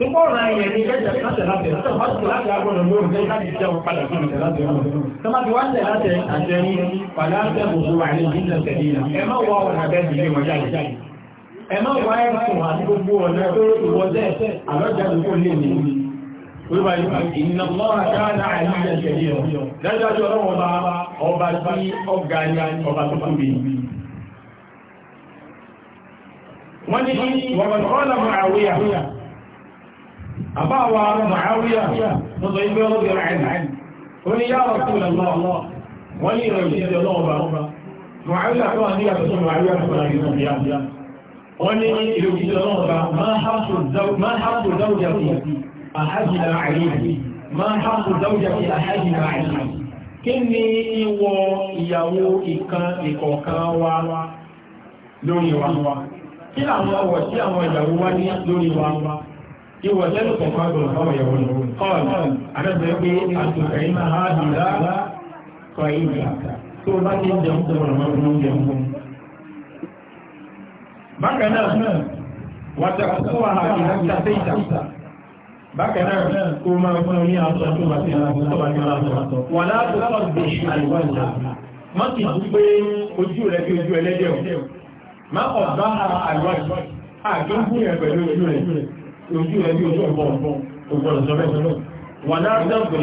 Nígbọ́ ọ̀rọ̀ ayẹ̀ ní ẹjẹ̀ láti láti láti láti láti agbọ́nà lórí ẹjẹ̀ láti jẹun padà fún ìjẹ̀ láti ọmọ. Tọ́mátí wá ń tẹ̀ láti àjẹ́ ní padà ń tẹ̀ gbogbo wà ní ìjìnlẹ̀ tẹ̀lé ìlà. Ẹ má wọ ọ̀nà bẹ́ẹ̀ sí ilé wọn jáde. Ẹ má wọ ẹ̀sùn àti gbogbo ọ̀nà tó rẹ̀ wọ́n jẹ́ àlọ́jà lókò lè ní. Olúwa ìnà mọ́ra káàdà àìyíjẹ̀ tẹ̀lé ọ̀. Dájọ́ ni ọba tó tóbi. أباوى معاوية نضيب رضي عنه قل يا رسول الله ولي رجل الله معاوية أخوان هي رسول معاوية أخوان ولي رجل الله ما حق الزوج ما حق زوجتي أحدنا عليه ما حق زوجتي أحدنا عليه kí ni ìwọ ìyàwó ìkan ìkọ̀ọ̀kan wa lórí wa kí àwọn ọwọ̀ tí àwọn ìyàwó wa ní lórí wa ìwọ̀ lẹ́nu kọ̀ọ̀kan gbọ́n fáwọn ìyàwó ní ọ̀n àdẹ́gbẹ́ pé àtùkà iná ha dì lára kọ ìgbà tó bá ti jẹun tó rọrùn mọ́ fún jẹun fún. bákan náà wàtà kó wà ha dì láti ṣe ìta bákan náà kó máa fún ní aṣọ tó bá ti rán tó bá ti rán tó wà láti lọ́wọ́ gbé àìwá ìjà má ti tún pé ojú rẹ̀ bí ojú ẹlẹ́dẹ̀ má ọ̀ bá àìwá ìjà ojú rẹ̀ bí ojú ọ̀pọ̀ ọ̀pọ̀ ògbọ̀rọ̀ wà ah, ní gbọ́dọ̀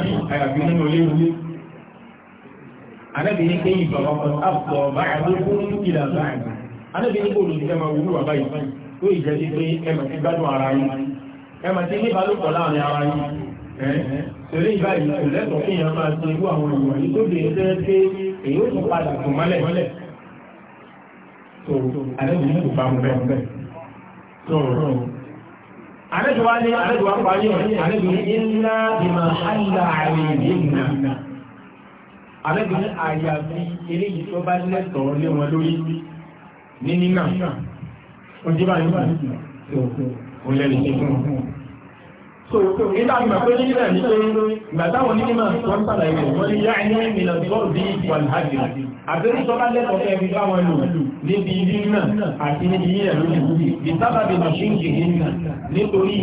náà ò bá lẹ́rọ̀ anábìnrin pé ìbàwọ̀pọ̀ àpọ̀ bá àdókún ìlà báyìí anábìnrin bò lòdì ẹmà wúrú wà báyìí tó ìjẹ́ sí pé ẹmà ti gbádùn ara yìí ẹmà ti ní ìbálòpọ̀ láàrin ara yìí tẹ̀lé ìbáyìí kò lẹ́tọ̀ọ́ kí èèyàn máa ṣe irú àwọn ìwà yìí tó lè jẹ́ pé èyí ó tún padà kò mọ́lẹ̀ mọ́lẹ̀ tó anábìnrin kò bá mu bẹ́ẹ̀ tó anábìnrin wá ní anábìnrin wá parí ọ̀ alẹ́gbẹ̀ẹ́ àyàfi eléyìí tó bá lẹ́tọ̀ọ́ lé wọn lórí ní nínà ojú bá yóò wọ́n lẹ́nu ṣe fún wọn. so nígbà tí màá pé ní nínà ní pé ìgbà táwọn ní nínà tó ń padà ìwé wọn ní yá ẹni ìmìnà bọ́ọ̀lù bí ìwàlù hajj àbẹ́rẹ́ tó bá lẹ́tọ̀ọ́ fẹ́ fi bá wọn lò níbi nínà àti níbi yíyà lórí bí sábà bí màṣín jì nínà nítorí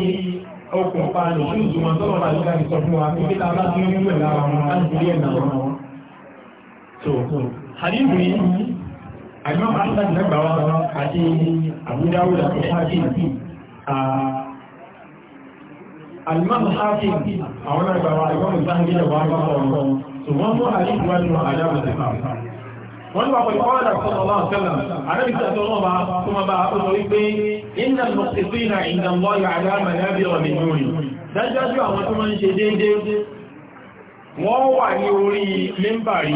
okùnfà lòṣù ìjùmọ̀ tó wọn bá lọ́ka ìsọfún wa níbi tá a bá tún ń wẹ̀ lára wọn á ń so hadithu yìí àjọ́ ahmad lẹ́gbàwá àti àbúdáwùdà tó ṣáàkì alimọ́mù ṣáàkì àwọn lẹ́gbàwá àjọ́mù sáàkì lẹ́gbàwá lọ́wọ́ so wọ́n mú hadithu wá nínú àjábù sí wọ́n bá pẹ̀lú ọ̀rọ̀ àkọsọ̀lọ́ àṣẹ́lẹ̀ àrẹ́bìsí àtọ́lọ́ bá tó máa bá ó sọ wípé iná lọ́sẹ̀sí ìrìnà ìdánwọ́ yà àdáàmà lábí ọ̀mì lórí dájájú àwọn tó máa ń ṣe déédéé wọ́n wà ní orí mẹ́mbàrí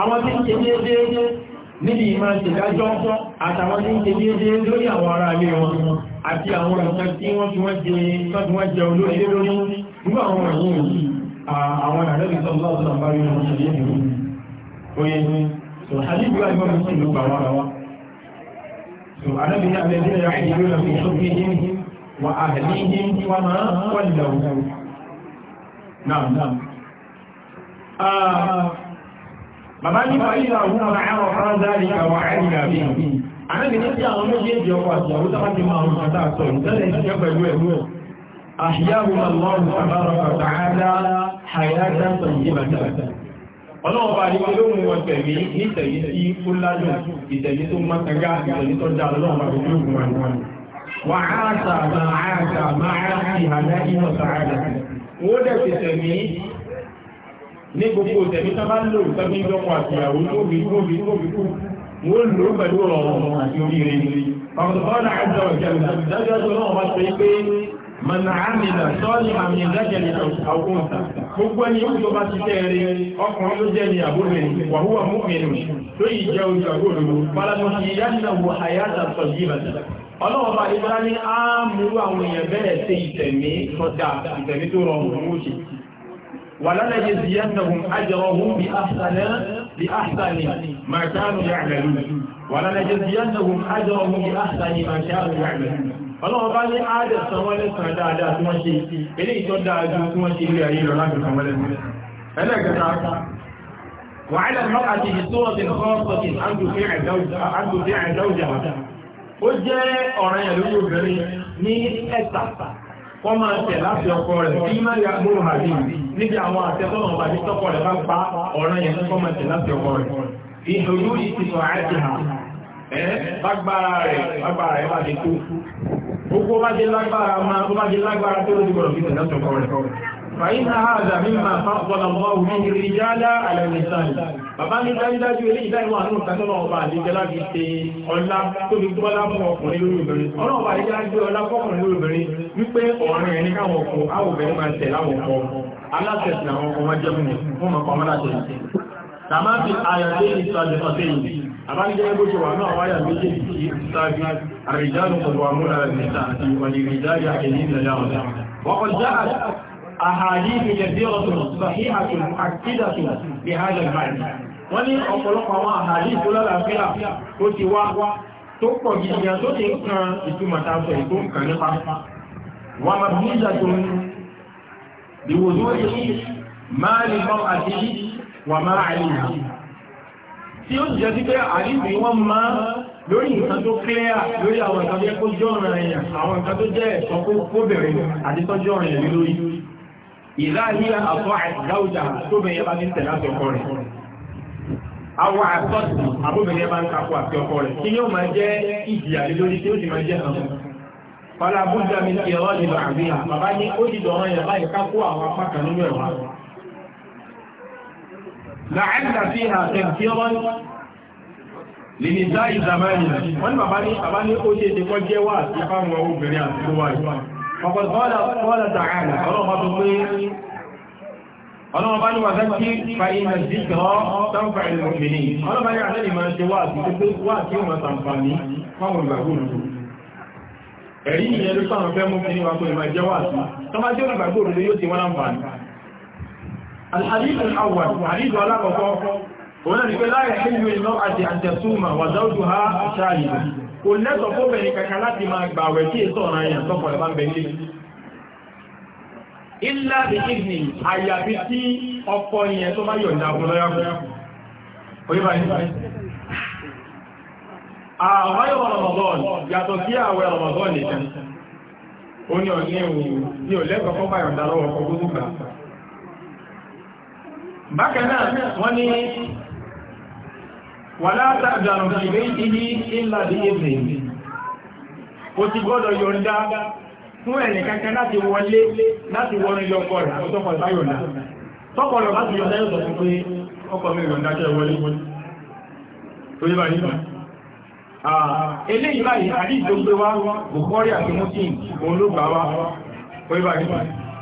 àwọn tí ń ṣe déédéé níbi ìmá ṣèdájọ́ àtàwọn tí ń ṣe déédéé lórí àwọn ará ilé wọn àti àwọn nǹkan tí wọ́n fi wọ́n jẹ tọ́jú wọ́n jẹ olóòlé lórí nínú àwọn ẹ̀yìn yìí àwọn àrẹ́bí sọ́lọ́ ọ̀sán bá rí wọn ṣe yẹn nìyí oye so àdébí wa ìgbọ́n sí ìlú gbà wọn wa so àrẹ́bí ní alẹ́ nílẹ̀ yàrá ìlú rẹ̀ fi sókè yín wà àhẹ́lí yín wà máa wọ́n lẹ̀ wọ́n náà náà bàbá ní fàílà òun ọ̀rọ̀ àrọ̀ fáráńdáàrí kàwà àríkà bí i àrẹ́bì ní tí àwọn méjèèjì ọkọ̀ àti àwọn tàbí máa ń fàtà sọ ìtẹ́lẹ̀ ìṣẹ́ pẹ̀lú ẹ̀rú ẹ̀ àṣíyáhùn aláwọ̀ tàbára pàtàkàdá àyájá sọ ìyébàtà ọlọ́wọ́ bá ní pé lóhun wọn tẹ̀mí ní tẹ̀yí sí fúlánù ìtẹ̀yí tó máa kagá ìtẹ̀yí wà á sà máa á máa á sì hàdá ìmọ̀ sàádà dẹ̀ ti tẹ̀mí ní gbogbo tẹ̀mí tán bá lò tẹ́bí lọ́mọ àti ìyàwó tóbi tóbi tóbi kú wọ́n lò pẹ̀lú ọ̀rọ̀ àti oríire ni ọ̀pọ̀lọpọ̀ àjọ ìjẹun dájọ́ tó náà wá sọ pé mọ̀nà àmìlà sọ́ọ̀lì àmì ìdájẹ̀lẹ̀ àwọn gbogbo ẹni yóò tó bá ti tẹ́ẹ̀rẹ́ ọkùnrin ló jẹ́ ni àbúrẹ̀ wàhúwà múmìnì tó yìí jẹ́ olùgbàgbò ولنجزينهم أجرهم بأحسن بأحسن ما كانوا يعملون ولنجزينهم أجرهم بأحسن ما كانوا يعملون ọlọ́wọ́ bá ní àádẹ́ sanwọ́ lẹ́sàn dáadáa tí wọ́n ṣe ilé ìjọ dáadáa tí wọ́n ṣe ilé ayé lọ láti sanwọ́ lẹ́sàn ẹlẹ́gbẹ̀ta وعلى المرأة بصورة خاصة أن تطيع زوجها أن تطيع زوجها ó jẹ́ ọ̀ranyàn lórí obìnrin ní ẹ̀sà wọ́n máa tẹ̀ láti ọkọ rẹ̀ kí má yà múrù hàbí níbi àwọn àtẹ́tọ́nà bàbí tọ́kọ rẹ̀ bá pa ọ̀rọ̀ yẹn tó máa tẹ̀ láti ọkọ rẹ̀ ìṣòro ìtìsọ̀ àti hà ẹ́ lágbára rẹ̀ lágbára rẹ̀ bá ti tó gbogbo bá jẹ́ lágbára máa tó bá jẹ́ lágbára tó lójú فإن هذا مما فضل الله به الرجال على النساء bàbá ní dájúdájú ilé ìdá ìwọ̀n àánú ìtàtọ́lọ̀ ọba àdíjẹ́ láti ṣe ọlá tó fi gbọ́ lápọ̀ ọkùnrin lórí obìnrin ọlọ́ ọba àdíjẹ́ láti ọlá fọ́kùnrin lórí obìnrin wípé ọ̀rìn ẹni káwọn ọkọ̀ áwòbẹ̀rẹ̀ máa tẹ̀ láwọn ọkọ̀ alátẹ̀sìn àwọn ọkọ̀ wọn jẹ́ múni fún ọmọ pàmọ́ láti ṣe tàmá fi àyàdé ìsàjẹ̀ ọ̀tẹ́ yìí àbájẹ́ bó ṣe wà náà wáyà méjì ìsàjẹ̀ àrìjálù pẹ̀lú أحاديث كثيرة صحيحة مؤكدة بهذا المعنى wọ́n ní ọ̀pọ̀lọpọ̀ àwọn àhàdíìsì lọ́làáfíà ó ti wá tó pọ̀ gìdìyà tó ti ń kan ìtumọ̀ta sọ ìtò ń kàn nípa wọ́n ma bí ìjà tó ń ìwòdó èyí máa lè mọ́ àti wà máa àìyà tí ó jẹ́ sí pé àdíìsì wọ́n máa lórí nǹkan tó kílẹ́à lórí àwọn nǹkan tó jẹ́ kó jọ́ ọ̀rìn àwọn nǹkan tó jẹ́ ẹ̀sọ́ kó bẹ̀rẹ̀ àti tọ́jọ́ ọ̀rìn lórí ìláhíyà àtọ́ àìdáwùjà tó bẹ̀yẹ bá ní tẹ̀lé àti ọkọ rẹ̀ àwọn àtọ́sì àbúbẹ̀rẹ̀ bá ń takò àti ọkọ rẹ̀ kí yóò máa jẹ́ ìjìyà lórí tí ó sì máa jẹ́ àwọn falabuja mi ti ẹ̀rọ ìlú àríyà bàbá ní ó dìdọ̀ ọ̀rọ̀ yẹn báyìí kákó àwọn apá kan nínú ẹ̀wà làálà fi hà tẹ̀kí ọ̀rọ̀ lìnìtá ìzàmáyìn wọ́n ní bàbá ní ó ṣe é ṣe àti fáwọn obìnrin àti tó ìwà فقد قال قال تعالى ọlọ́wọ́ bá ní wà sáàkì fàílẹ̀ síkọ́ tánfà ìlúmìnì ọlọ́wọ́ yà lẹ́lẹ̀ máa ṣe wà sí pé wà kí o máa sàǹfàní fáwọn ìgbàgbòrò ẹ̀rí ìyẹn ló sọ̀rọ̀ fẹ́ mú kí ní wà kó ìmá jẹ́ wà sí tọ́má jẹ́ ìgbàgbòrò kò lẹ́tọ̀ fóbìnrin kankan láti máa gbà wẹ̀ tí ètò ọ̀ràn èèyàn tọ́pọ̀ rẹ̀ bá ń bẹ̀lé ilá bí ìdìní àyàfi tí ọkọ ìyẹn tó bá yọ̀ǹda fún lọ́yà fún oyíba ní àwáyọ̀ Ramadan yàtọ̀ sí àwẹ̀ Ramadan nìkan ó ní ọ̀ní ẹ̀wù ní ò lẹ́kọ̀ọ́ fọ́bà yọ̀ǹda lọ́wọ́ ọkọ̀ gbogbo wàlá àtàjàrùn ìwé ìdí ìlà bí ìbìn o ti gbọ́dọ̀ yọ̀ǹda fún ẹ̀nì kankan láti wọlé láti wọrin lọ́kọ̀ rẹ̀ tọ́kọ̀lọ̀ láti yọ̀ǹda yóò sọ pé ọkọ̀ mi yọ̀ǹda kẹ́ wọlé tó bá eléyìí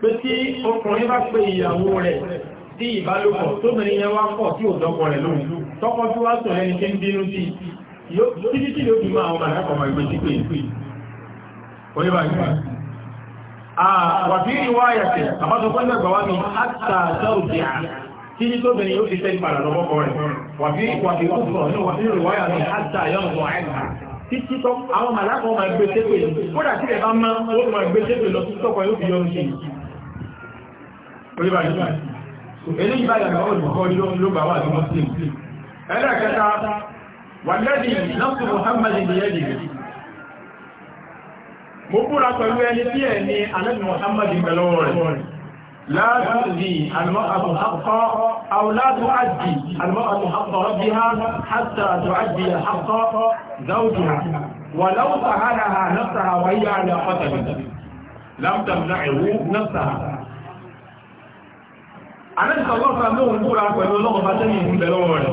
pé tí ọkùnrin bá pé ìyàwó rẹ̀ sí ìbálòpọ̀ tóbìnrin yẹn wá pọ̀ tí ò dọ́kọ rẹ̀ lóhùn tọ́kọ tí wá sọ lẹ́ni tí ń bínú sí títí tí ló fi máa ọmọ àrẹ́kọ̀ ọmọ ìgbé tí pé ìpè oníbà ìgbà àwàbí ìwá ayàtẹ̀ àbátọ̀pọ̀ lẹ́gbàá wá ní àtàtàrùdì títí tóbìnrin yóò ti tẹ́ ìpadà lọ́wọ́kọ rẹ̀ wàbí wàbí ó sọ ní wàbí ìrìwáyà ní àtàyọ̀nù àìmà títí tọ́ àwọn màlákọ̀ ọmọ ìgbé tẹ́pẹ̀ kódà tí ẹ̀ bá máa ó máa gbé tẹ́pẹ̀ lọ sí tọ́kọ yóò fi yọrù sí Mo búra pẹ̀lú ẹni tí ẹ̀ ni Alẹ́bì Mọ̀sánmàdì pẹ̀lọ́wọ́ rẹ̀. Láàrín ní almọ́kàtò àkọ́, àwọ̀látò àjì almọ́kàtò àkọ́ bí ha, hátà àtò àjì àkọ́ záújù wà láwọ́ta hánà ha náà sàhàwáyà alẹ́ Àrẹ́sìtọ̀ lọ́pàá lóhun búra pẹ̀lú ọlọ́pàá tẹ́lẹ̀ ìpínlẹ̀ lọ́wọ́ rẹ̀.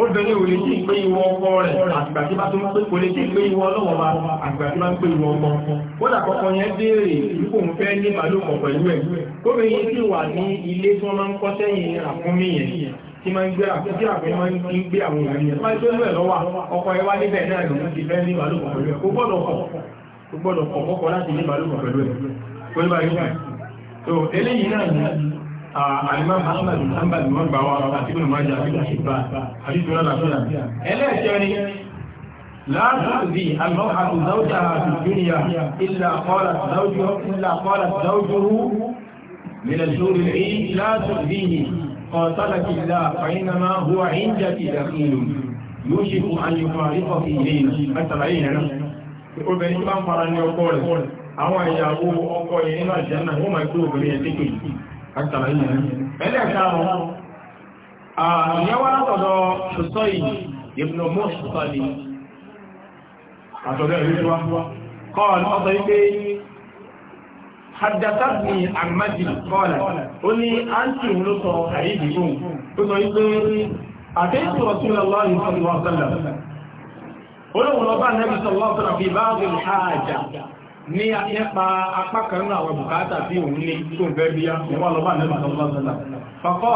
Ó bẹ̀rẹ̀ òlè tí ń pé ìwọ ọkọ rẹ̀ àgbà tí bá tó ń pé kò lè tí ń pé ìwọ ọlọ́wọ́ba àgbà tí bá ń pé ìwọ ọkọ. Ó dàkọ́kọ́ yẹn béèrè ìpò ń fẹ́ ní màlúkọ̀ pẹ̀lú ẹ̀. Gómìnà sì wà ní ilé tí wọ́n máa ń kọ́ sẹ́yìn àkúnmí yẹn tí máa ń gbé àkókò àpẹ máa ń kí gbé àwọn ènìyàn máa ń tó lẹ̀ lọ́wọ́ ọkọ̀ ẹwà níbẹ̀ náà lòun ti fẹ́ ní màlúkọ̀ pẹ̀lú ẹ̀ kó gbọ́dọ̀ kọ̀ kó gbọ́dọ̀ kọ̀ kọ́kọ́ láti ní màlúkọ̀ pẹ̀lú ẹ̀ kó lè bá yóò fẹ́. so eléyìí alimam ahmed muhammad wọn gbà wọn àti ibùdó máa jẹ àbíkà ṣùgbà àti ìṣúra làbíyà ẹlẹ́ẹ̀kẹrin láàrín bí alọ́hàtù záújà àti júnìyà ilà kọ́lá záújú ilà kọ́lá záújú rú mílẹ̀ sórí rí láàrín bí قاتلك الله فإنما هو عندك دخيل يوشك أن يفارقك إلينا أتبعينا obìnrin bá ń fara ní ọkọ rẹ̀ àwọn ìyàwó àkàlà yìí ẹlẹ́ẹ̀kàrùn àyẹ́wà látọ̀dọ̀ ṣùsọ́ yìí ibn mọ́ṣùsọ́lì àtọ̀dọ̀ ìrìnjúwá قال أضيفي حدثتني عن مجد قال قلني أنت ولطة حريبكم أضيفي أتيت رسول الله صلى الله عليه وسلم قلوا لبا النبي صلى الله عليه وسلم في بعض الحاجة ní nípa apá kan náà àwọn bùkátà tí òun ní tó ń fẹ́ bí á wọ́n lọ bá nígbà tó lọ́sọ̀ náà fọ́kọ́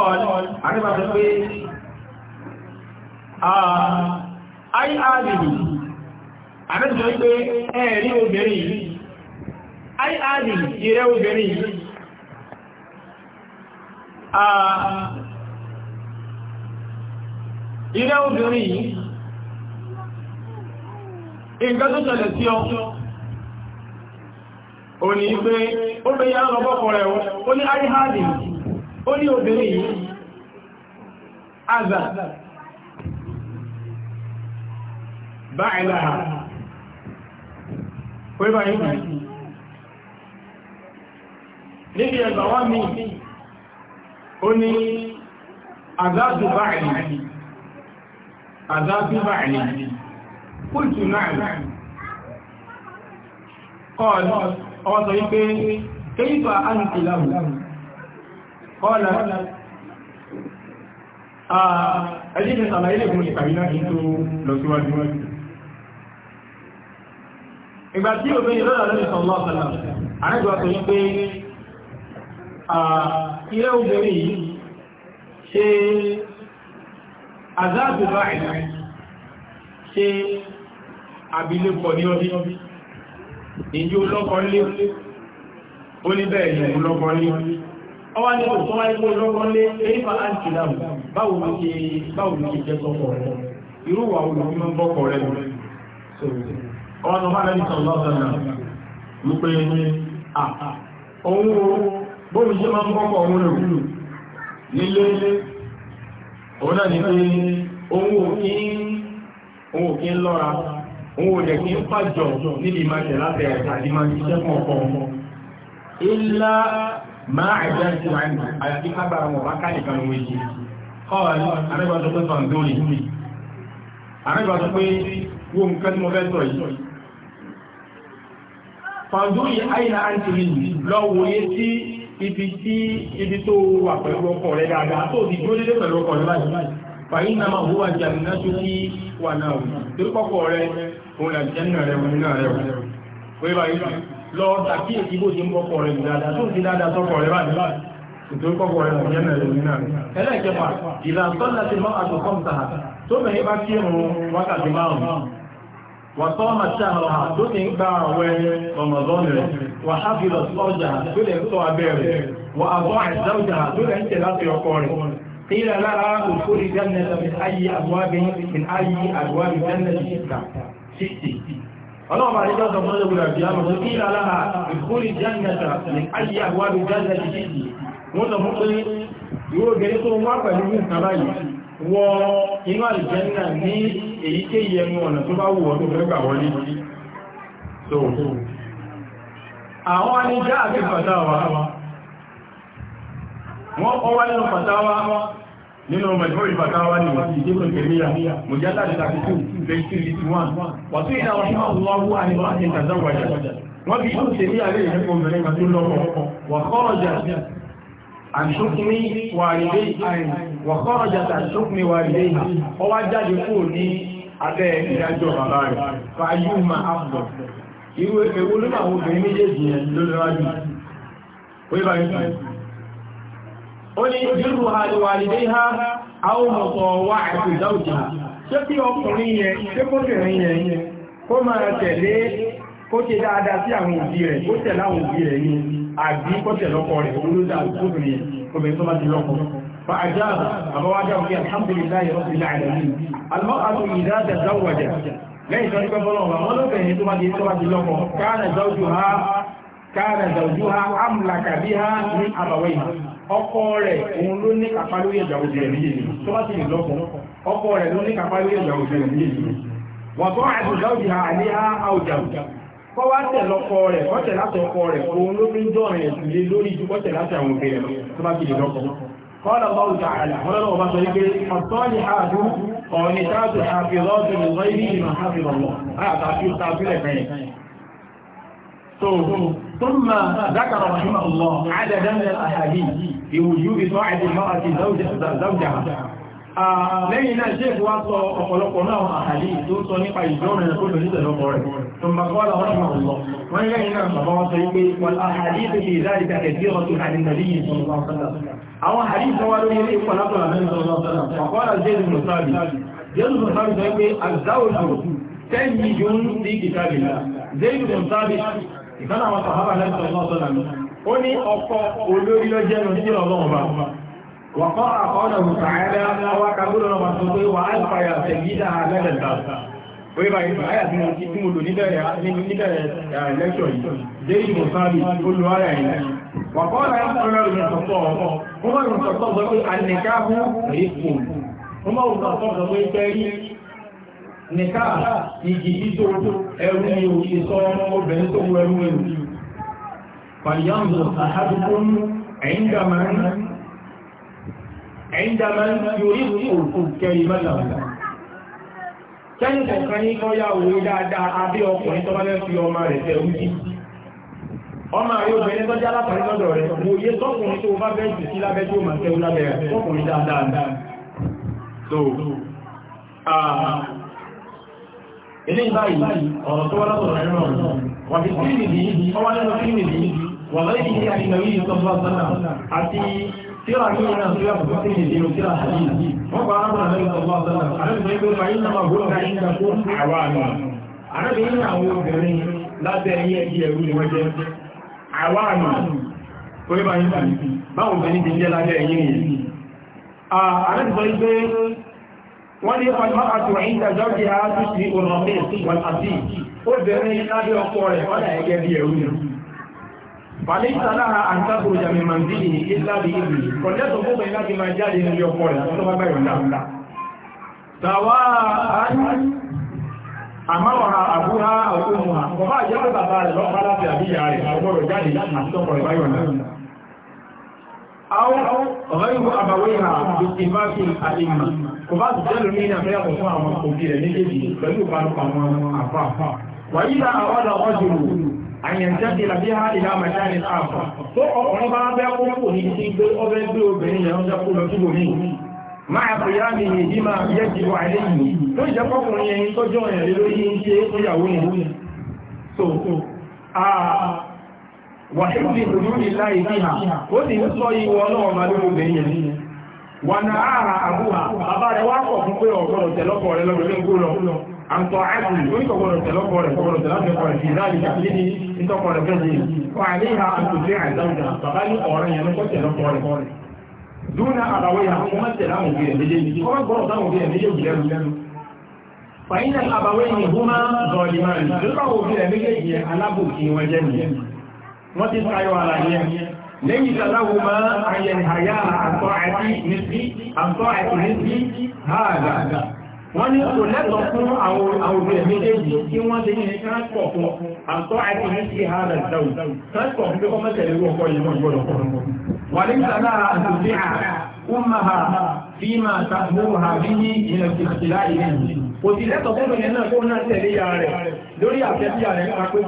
àríwá tó pé àì àdìdì àrẹ́sọ̀ pé ẹ̀rí obìnrin yìí àì àdìdì ìrẹ́ obìnrin yìí ìrẹ́ obìnrin yìí nǹkan sí ọ ó pé ó bẹ́ lọ́bọ́kọ̀ rẹ̀ ó ní arihadi ó ní obìnrin yìí azà báìláà pé báyìí níbi ẹgbà wá mi ó ní azátù báìlì قال ọwọ́ sọ wípé kéyìfà áǹtì láhù kọ́lá ẹjíṣẹ́ sàlàyé lè fún ìkàríná kí tó lọ síwájú ìgbà tí òfin ìlọ́dà lórí sọ̀lọ́ ọ̀sọ̀lá àrẹ́gbà sọ wípé ilé obìnrin yìí ṣe àzáàbù báyìí ṣe àbílẹ̀pọ̀ ní ọdí ọdí ìjú olókọ́lé ó ní bẹ́ẹ̀ ìjú olókọ́lé ọwá ní òtún wáyé tó olókọ́lé èyífà áìsìláàmù báwo ní kí báwo ní kí jẹ́ sọ́kọ̀ rẹ̀ irúwà olùmọ́ bọ́kọ̀ rẹ̀ ọ̀nà bọ́kọ̀ rẹ̀ ohun òkín lọ́ra òun ò dẹ̀ kí ń pàjọ níbi máa tẹ̀ láti ẹ̀ka àti máa ṣiṣẹ́ fún ọkọ̀ ọmọ ilá máa àjá sí wáyé àti kágbára wọn bá káyì kan wọ́n ṣe kọ́ọ̀lù arẹ́gbà tó pé fàǹdórì arẹ́gbà tó pé wo nǹkan tí mo fẹ́ sọ yìí fàǹdórì àyìnà àǹtìrì lọ́wọ́ yé sí ibi tí ibi tó wà pẹ̀lú ọkọ̀ rẹ̀ dáadáa tó ti dúró dédé pẹ̀lú ọkọ̀ rẹ̀ báyìí fàyínàmà huwa jannatuki wà náà torípọ̀pọ̀ rẹ̀ òun là jẹ́ náà rẹ̀ òun náà rẹ̀ wọ́n bá yìí lọ tàkí ìbò tí ń bọ́pọ̀ rẹ̀ dáadáa tó ń ti dáadáa sọ́pọ̀ rẹ̀ báyìí ìtorípọ̀pọ̀ rẹ̀ òun jẹ́ náà rẹ̀ òun náà rẹ̀ ẹlẹ́ẹ̀kẹfà ìlàsọ́lá ti mọ́ àtọ̀kọ́ tó mẹ́rin bá kí ẹ̀rùn wákàtí márùn-ún وصام شهرها تتنبع رمضان وحفظت فرجها تلعب أبيره وأضاعت زوجها تلعب تلاقي عقاره قيل لها ادخلي الجنة من أي أبواب من أي أبواب الجنة شئت شئت ọlọ́wọ́ bá nígbà ọ̀sán mọ́lẹ̀ gbogbo àbíyá mọ̀ kí ìlàláha ìkórì jẹ́nìyàtà ní ayé àwọn àbíjáde ṣíkì wọ́n lọ mú pé yóò àwọn anijá àti fàtàwà wọ́n ọwá nínú fàtàwà nínú mẹ̀tọ́rì fàtàwà ní ìdíbò kèmíyà mùjátà ní 32,321 wàtí ìdá wọ́n máa lọ́wọ́ àìbá àti ìtàzáwàjá wọ́n bí ó tèmí àrẹ ìrẹ́kọ̀ mẹ́rin àti lọ́wọ́ wàkọ́rọ̀jà àṣókùnmí wàrídéyà ó wá ó ní jírù àdìwàlìdé ha áwùmọ̀tọ̀ wà àti ṣé kí ọkùnrin yẹn ṣé kó yẹn kó máa tẹ̀lé kó ṣe dáadáa sí àwọn òbí rẹ̀ kó tẹ̀lé àwọn òbí rẹ̀ yìí àbí kó tẹ̀lé ọkọ rẹ̀ olóòdà òkúrin obìnrin tó bá ti lọ́kọ ọkọ rẹ̀ òun ló ní kàpá lórí ẹ̀jà òjò ẹ̀mí yìí tó bá ti lè lọ́kọ̀ ọkọ rẹ̀ ló ní kàpá lórí ẹ̀jà òjò ẹ̀mí yìí wọ́n tó àìsùjá òjì àní ha kọ́ wá tẹ̀ lọ́kọ rẹ̀ kọ́tẹ̀ láti ọkọ rẹ̀ òun ló fi ń قال الله تعالى قال الله ما ذلك الصالحات قانتات حافظات للغيب لما حافظ الله هذا تعطيه تعطيه فين ثم ذكر رحمه الله عددا من الاحاديث fi wùjú ìtọ́ẹ̀dì máa ti záújáà lẹ́yìn náà ṣe fi wá sọ ọ̀pọ̀lọpọ̀ náà àhàlì tó sọ nípa ìjọ́rin olùsẹ̀lọpọ̀ rẹ̀ tó ń bá kọ́lá wọn ó ní ọkọ̀ olórí lọ́jẹ́ lọ sí ọlọ́run bá wàkọ́ àkọ́ọ̀nà mùsàáyà náà wàtò pé wà á tẹ̀gídà alẹ́dẹ̀dà nìkáà igi yìí tó ni òkè sọ ọmọ obìnrin tó wọ ẹrú ẹrú فلينظر أحدكم عندما عندما يريد كلمة الله kẹ́yìn kọ̀ọ̀kan ní kọ́ yá òwe dáadáa abí ọkùnrin tó bá lẹ́ fi ọmọ rẹ̀ tẹ̀ ojú ọmọ rẹ̀ obìnrin tó jálá pàdé lọ́dọ̀ rẹ̀ mo yé tọ́kùnrin tó bá bẹ́ jù sí lábẹ́ tí ó mà tẹ́wú lábẹ́ tọ́kùnrin dáadáa so وغيره عن النبي صلى الله عليه وسلم حتى ترى كلنا في أفضل في ترى حديث وقال النبي صلى الله عليه وسلم أنا بيقول فإنما هو عندكم عوام أنا بيقول هو كريم لا تهيئ يقول وجه عوام orí bá yínbà ní báwọn obìnrin ti jẹ́ lábẹ́ ẹ̀yìn yìí àrẹ́sọ̀ ipé wọ́n ní ọjọ́ àtùwà ìdájọ́ jẹ́ àátùsí òrànlẹ́ ìwọ̀n àti obìnrin lábẹ́ ọkọ rẹ̀ ọ́nà ẹgẹ́ bí ẹ̀rú فليس لها أن تخرج من منزله إلا بإذنه قد يتبقى إلا بما جاء من يقول سواء أمرها أبوها أو أمها وما جاء بابا لو قال في أبي ياري أقول جاري أستقر بيونا أو غير أبويها باتفاق الأئمة وما تجعل مين أبيها وصنع مصطفين نجدي بل يقال قمان أفاق وإذا أراد رجل àyẹ̀ntẹ́ ìlàbí ha ìlà àmàjáde àpá tó ọkùnrin bá bẹ́ kó kò ní ti gbé ọbẹ̀ gbé obìnrin yẹn ọjọ́ kó lọ síbò mí máa pè yá mi yìí máa yẹ́ jìbò àìlẹ́yìn tó ìjẹ́ kọkùnrin yẹn tọ́jú ọ̀yàn lé lórí ń ṣe ìyàwó ni so wàhíbi ìlú ìlà ìdíhà ó sì ń sọ ìwọ náà máa ló obìnrin yẹn wà náà àrà àbúhà bàbá rẹ̀ wá kọ̀ fún pé ọ̀gọ́rọ̀ tẹ̀lọ́kọ̀ rẹ̀ lọ́gbẹ̀rẹ̀ ń kó lọ àǹtọ̀ àti oníkọ̀gbọ̀rọ̀ tẹ̀lọ́kọ̀ rẹ̀ kọ̀gbọ̀rọ̀ tẹ̀lọ́kọ̀ rẹ̀ ìdá ìkàkiri ní ìtọ́kọ̀ rẹ̀ fẹ́jì wà ní ìhà àtòsí àìsáwùjá bàbá ní ọ̀rẹ́ yẹn lọ́kọ̀ tẹ̀lọ́kọ̀ rẹ̀ dúnà àbàwọ̀ yà kó mọ́tẹ̀ láwọn òbí rẹ̀ méjèèjì kọ́ gbọ́rọ̀ táwọn òbí rẹ̀ méjèèjì lẹ́nu lẹ́nu fàyínà àbàwọ̀ yìí húmá zọ̀lìmáì lọ́pàá òbí rẹ̀ méjèèjì alábòkì wọn jẹ́ nìyẹn wọ́n ti sáyọ ara yẹn ليس لهما أن ينهيا عن طاعة مثلي عن طاعة مثلي هذا wọ́n ní kò lẹ́tọ̀ fún àwọn òbí ẹ̀mí léjì tí wọ́n lè ní transport fún àtọ́ àti ní sí hàrà ìdáwò transport fún ọmọ tẹ̀lé irú ọkọ̀ yìí wọ́n gbọ́dọ̀ fún wà ní sàdá àtòsí à ọmọ ha fi máa tàbí ha bí ní ilẹ̀ ìṣẹ̀lá ilé yìí kò sí lẹ́tọ̀ fún ìyẹn náà kó náà tẹ̀lé ya rẹ̀ lórí àfẹ́bí rẹ̀ nípa pé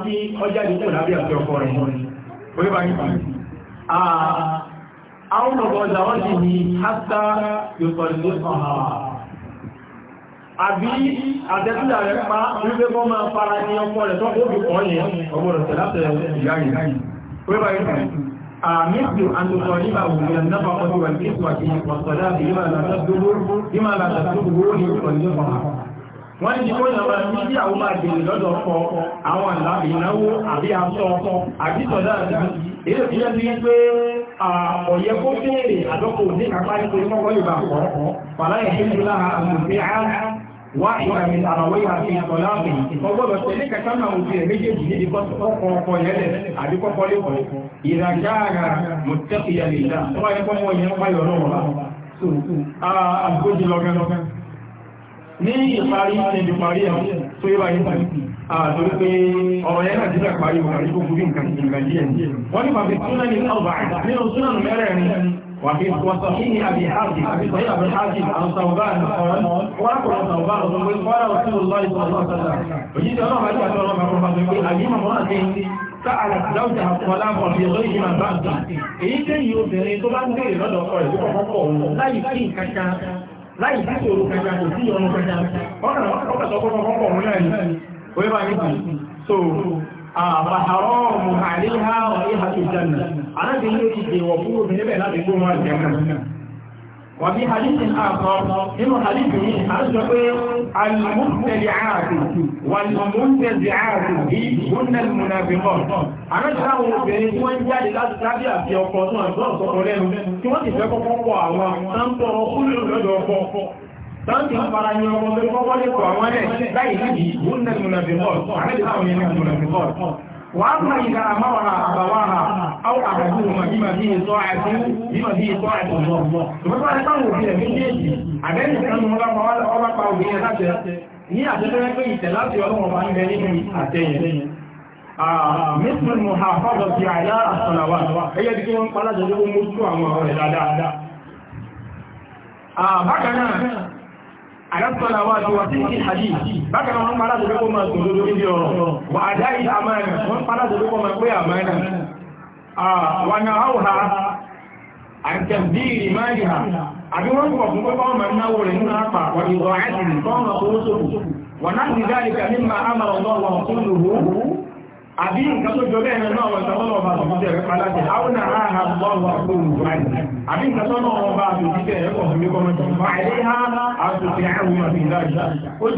kí ọjà àbí àtẹ́sílẹ̀ rẹ̀ pa wípé kọ́ máa fara ní ọkọ rẹ̀ tó kó dùkọ́ yẹn ọgbọ̀rọ̀ tẹ̀láfẹ́ ìyá yìí láyìí wípá ìfẹ́ àmìsù àtòkọ̀ nígbà òkúrẹ̀ náà pàtàkì wà ní ìsù àti ìpọ̀sọ̀dá àti ìmà àlàtàdúgbò ní ìpọ̀lẹ́fà wọ́n ti kó ìyàwó ní sí àwọn máa gbèrè lọ́dọ̀ ọkọ àwọn àlàbì ìnáwó àbí aṣọ ọkọ àbísọ̀dá àti èyí tí lẹ́sí pé ọ̀yẹ́ kó béèrè àdọ́kò ní kápá ní pé mọ́kọ́ yóò bá kọ́ pàláyẹ̀ tó ń lára àmùfẹ́ wáyà mi àràwọ̀ yà fi ọ̀láàbì ọgbọ́dọ̀ tẹ̀lé kẹta náà òfin ẹ̀ méjèèjì níbi kọ́kọ́ yẹlẹ̀ àbí kọ́kọ́ lẹ́kọ̀ọ́ ìràgáàrà mọ̀tẹ́kìyà lè dá wọ́n yẹ kọ́kọ́ yẹn wáyọ̀ lọ́wọ́ bá so àgbójì lọ́gẹ́lọ́gẹ́ ní ìparí ẹni parí ẹ̀ tó yẹ báyìí parí àtòrí pé ọ̀rọ̀ yẹn náà dídà parí òkàrí tó kú bí nǹkan ìgbà díẹ̀ wọ́n وفي وصحيح أبي حاتم أبي صحيح أبي حاتم عن ثوبان قال وأقول ثوبان قال رسول الله صلى الله عليه وسلم وجيت أنا ما جاءت أنا ما قلت أبي امرأة سألت زوجها الطلاق في غير ما بعد إيه تاني obìnrin tó bá ń béèrè lọ́dọ̀ ọkọ rẹ̀ tó kọ́kọ́ òun láì sí kankan láì sí ìṣòro kankan kò sí ọmọ kankan ọkàn ọkàn tó kọ́kọ́ òun náà ni orí bá ní kù so àbàhàrọ́ọ̀mù àríhà ọ̀ríhà tó jẹ́nà alábi ló ti dè wọ̀ fún obìnrin bẹ̀ láti gbóhùn àjẹ́mà wà bí halittin àkọ́ nínú halittin yìí a sọ pé alìmúntẹ̀lì ààbò wà lọ́múntẹ̀lì ààbò bí gúnnẹ̀lì múnàbìmọ̀ arájáwò obìnrin tí wọ́n jáde láti tábí àti ọkọ̀ tó àjọ́ ọ̀sọ̀kọ̀ lẹ́nu tí wọ́n ti fẹ́ kọ́kọ́ pọ̀ àwọn tán tọrọ kúrò lọ́dọ̀ ọkọ̀ Sáńtì ń fara ní ọmọ pé kọ́kọ́ lè kọ̀ àwọn ẹ̀ láì níbi ìwọ́n náà múnàbí bọ́ọ̀, àrẹ́bí àwọn ẹni múnàbí bọ́ọ̀. Wà á máa ìgbà àmáwàrà àbàwàrà, áwọ̀ àbàjú ọmọ bí màbí ìtọ́ àti bímọ bí ìtọ́ àti ọ̀dọ́. Ìgbàgbọ́ àti táwọn òbí rẹ̀ méjèèjì, àbẹ́ni kan ní ọlọ́pàá wá ọba pa òbí rẹ̀ láti ní àtẹ́tẹ́rẹ́ pé ìtẹ̀ láti ọlọ́wọ́ bá ń bẹ nínú àtẹ̀yẹ̀. مثل المحافظة على الصلوات هي دي كده قال ده مو تو àwọn ọ̀rẹ́ dáadáa. Ah bákan náà àdáṣọ́lá wà tó wà sí ìhàdí bákan wọn padà tó kó máa tòrò lórí bí ọ̀rọ̀ wà àdá ìdá àmáyà wọn padà tó kó máa pé àmáyà wà ní àwòrá àtẹ̀bí ìmáyà àbí wọ́n pọ̀ fún pẹ́pọ́ ọmọ náwó rẹ̀ nínú àpà wà ìrọ̀ àti ìtọ́nà owó sókù wà náà ti dáríkà mímọ̀ àmàrà ọlọ́wọ́ àbí nǹkan tó jọ bẹ́ẹ̀ náà wọ́n tọ́lọ́ ọba àtòjíṣẹ́ rẹ̀ paláṣẹ àwọn àhà lọ́wọ́ àkóhùn báyìí àbí nǹkan tó náà ọba àtòjíṣẹ́ rẹ̀ pọ̀ fúnmi kọ́mọ́ tó bá ilé ha àtòsí àwọn àti ìdájọ́ ẹ̀kọ́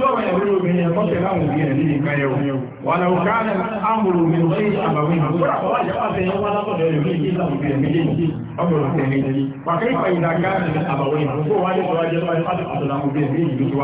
tẹ̀ láwọn òbí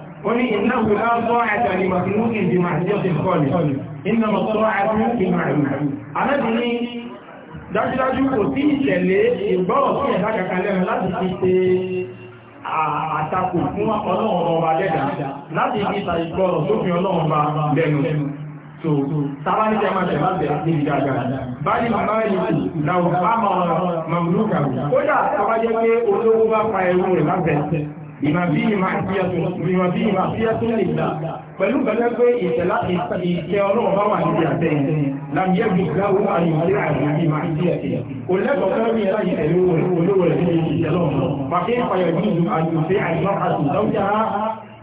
إنه لا طاعة لمخلوق بمعصية الخالق إنما الطاعة بالمعروف أنا dájúdájú kò sí ìṣẹ̀lẹ̀ ìgbọ́rọ̀ sí ẹ̀dá kàkàlẹ̀ láti fi ṣe àtakò fún ọlọ́run ọba lẹ́dà láti fi ta ìgbọ́rọ̀ tó fi ọlọ́run ọba láti àti ìdàgbà báyìí màmá ìlú láwọn bíma bí ìmá fíyàtún nìgbà pẹ̀lú gbẹ́gbẹ́ pé ìtẹ̀lá ìtẹ́ ọlọ́run bá wà níbi àtẹ́yìn láàbíyẹ́ bí gbáwó àyíwáyé àti ìmá fíyàtẹ́ kò lẹ́kọ̀ọ́ fẹ́rẹ́ mi láyé ẹ̀lú olówó rẹ̀ nínú ìtẹ́lọ́ pàkí ìpayọ̀ bí ìlú àyùfẹ́ àyíwá àti ìdáwọ́jà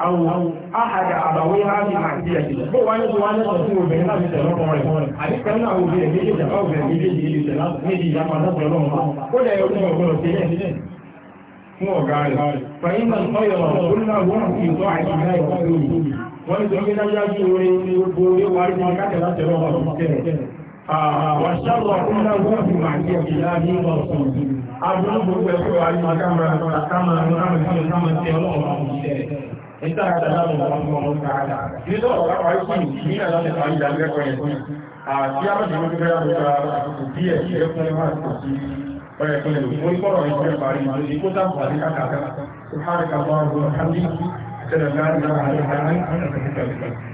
àwọn àhàdà àbàwé láti máa sí ẹ̀sìn bó wá ní tó wá lẹ́sọ̀ sí obìnrin láti tẹ̀lọ́ kan rẹ̀ àti pẹ̀lú àwọn obìnrin méjèèjì àbáwò rẹ̀ méjèèjì ìlú tẹ̀lá méjì ìyá fún ọ̀gá rẹ̀. Fàyínà ọ̀yọ̀ olùlàwọ̀ ìtọ́ àìsíká ìwọ̀n lórí. Wọ́n ti gbé dájájú orí gbogbo ewa rí wọn káàkiri láti ẹ̀rọ ọ̀rọ̀ tẹ̀. Àwọn ṣáàbọ̀ olùlàwọ̀ ìmọ̀ àti ẹ̀kìlá ní ọ̀sán. Abúlé gbogbo ẹ̀kọ́ wa ní kámẹ́rà kámẹ́rà kámẹ́rà kámẹ́rà ti ọlọ́run ọ̀sán. Ìta àdàlà ọ̀rọ̀ ọ̀rọ̀ káàkiri. Nílò ọ̀rọ̀ àwọn ìpín ìpínlẹ̀ láti parí ìdánilẹ́kọ̀ọ́ yẹn fún. Àti àwọn ìdíwọ́n tó fẹ́ ويقول المنكر ويقول القريب يزيكوتا وذلك كذا سبحانك اللهم وبحمدك أشهد أن لا إله إلا أنت أستغفرك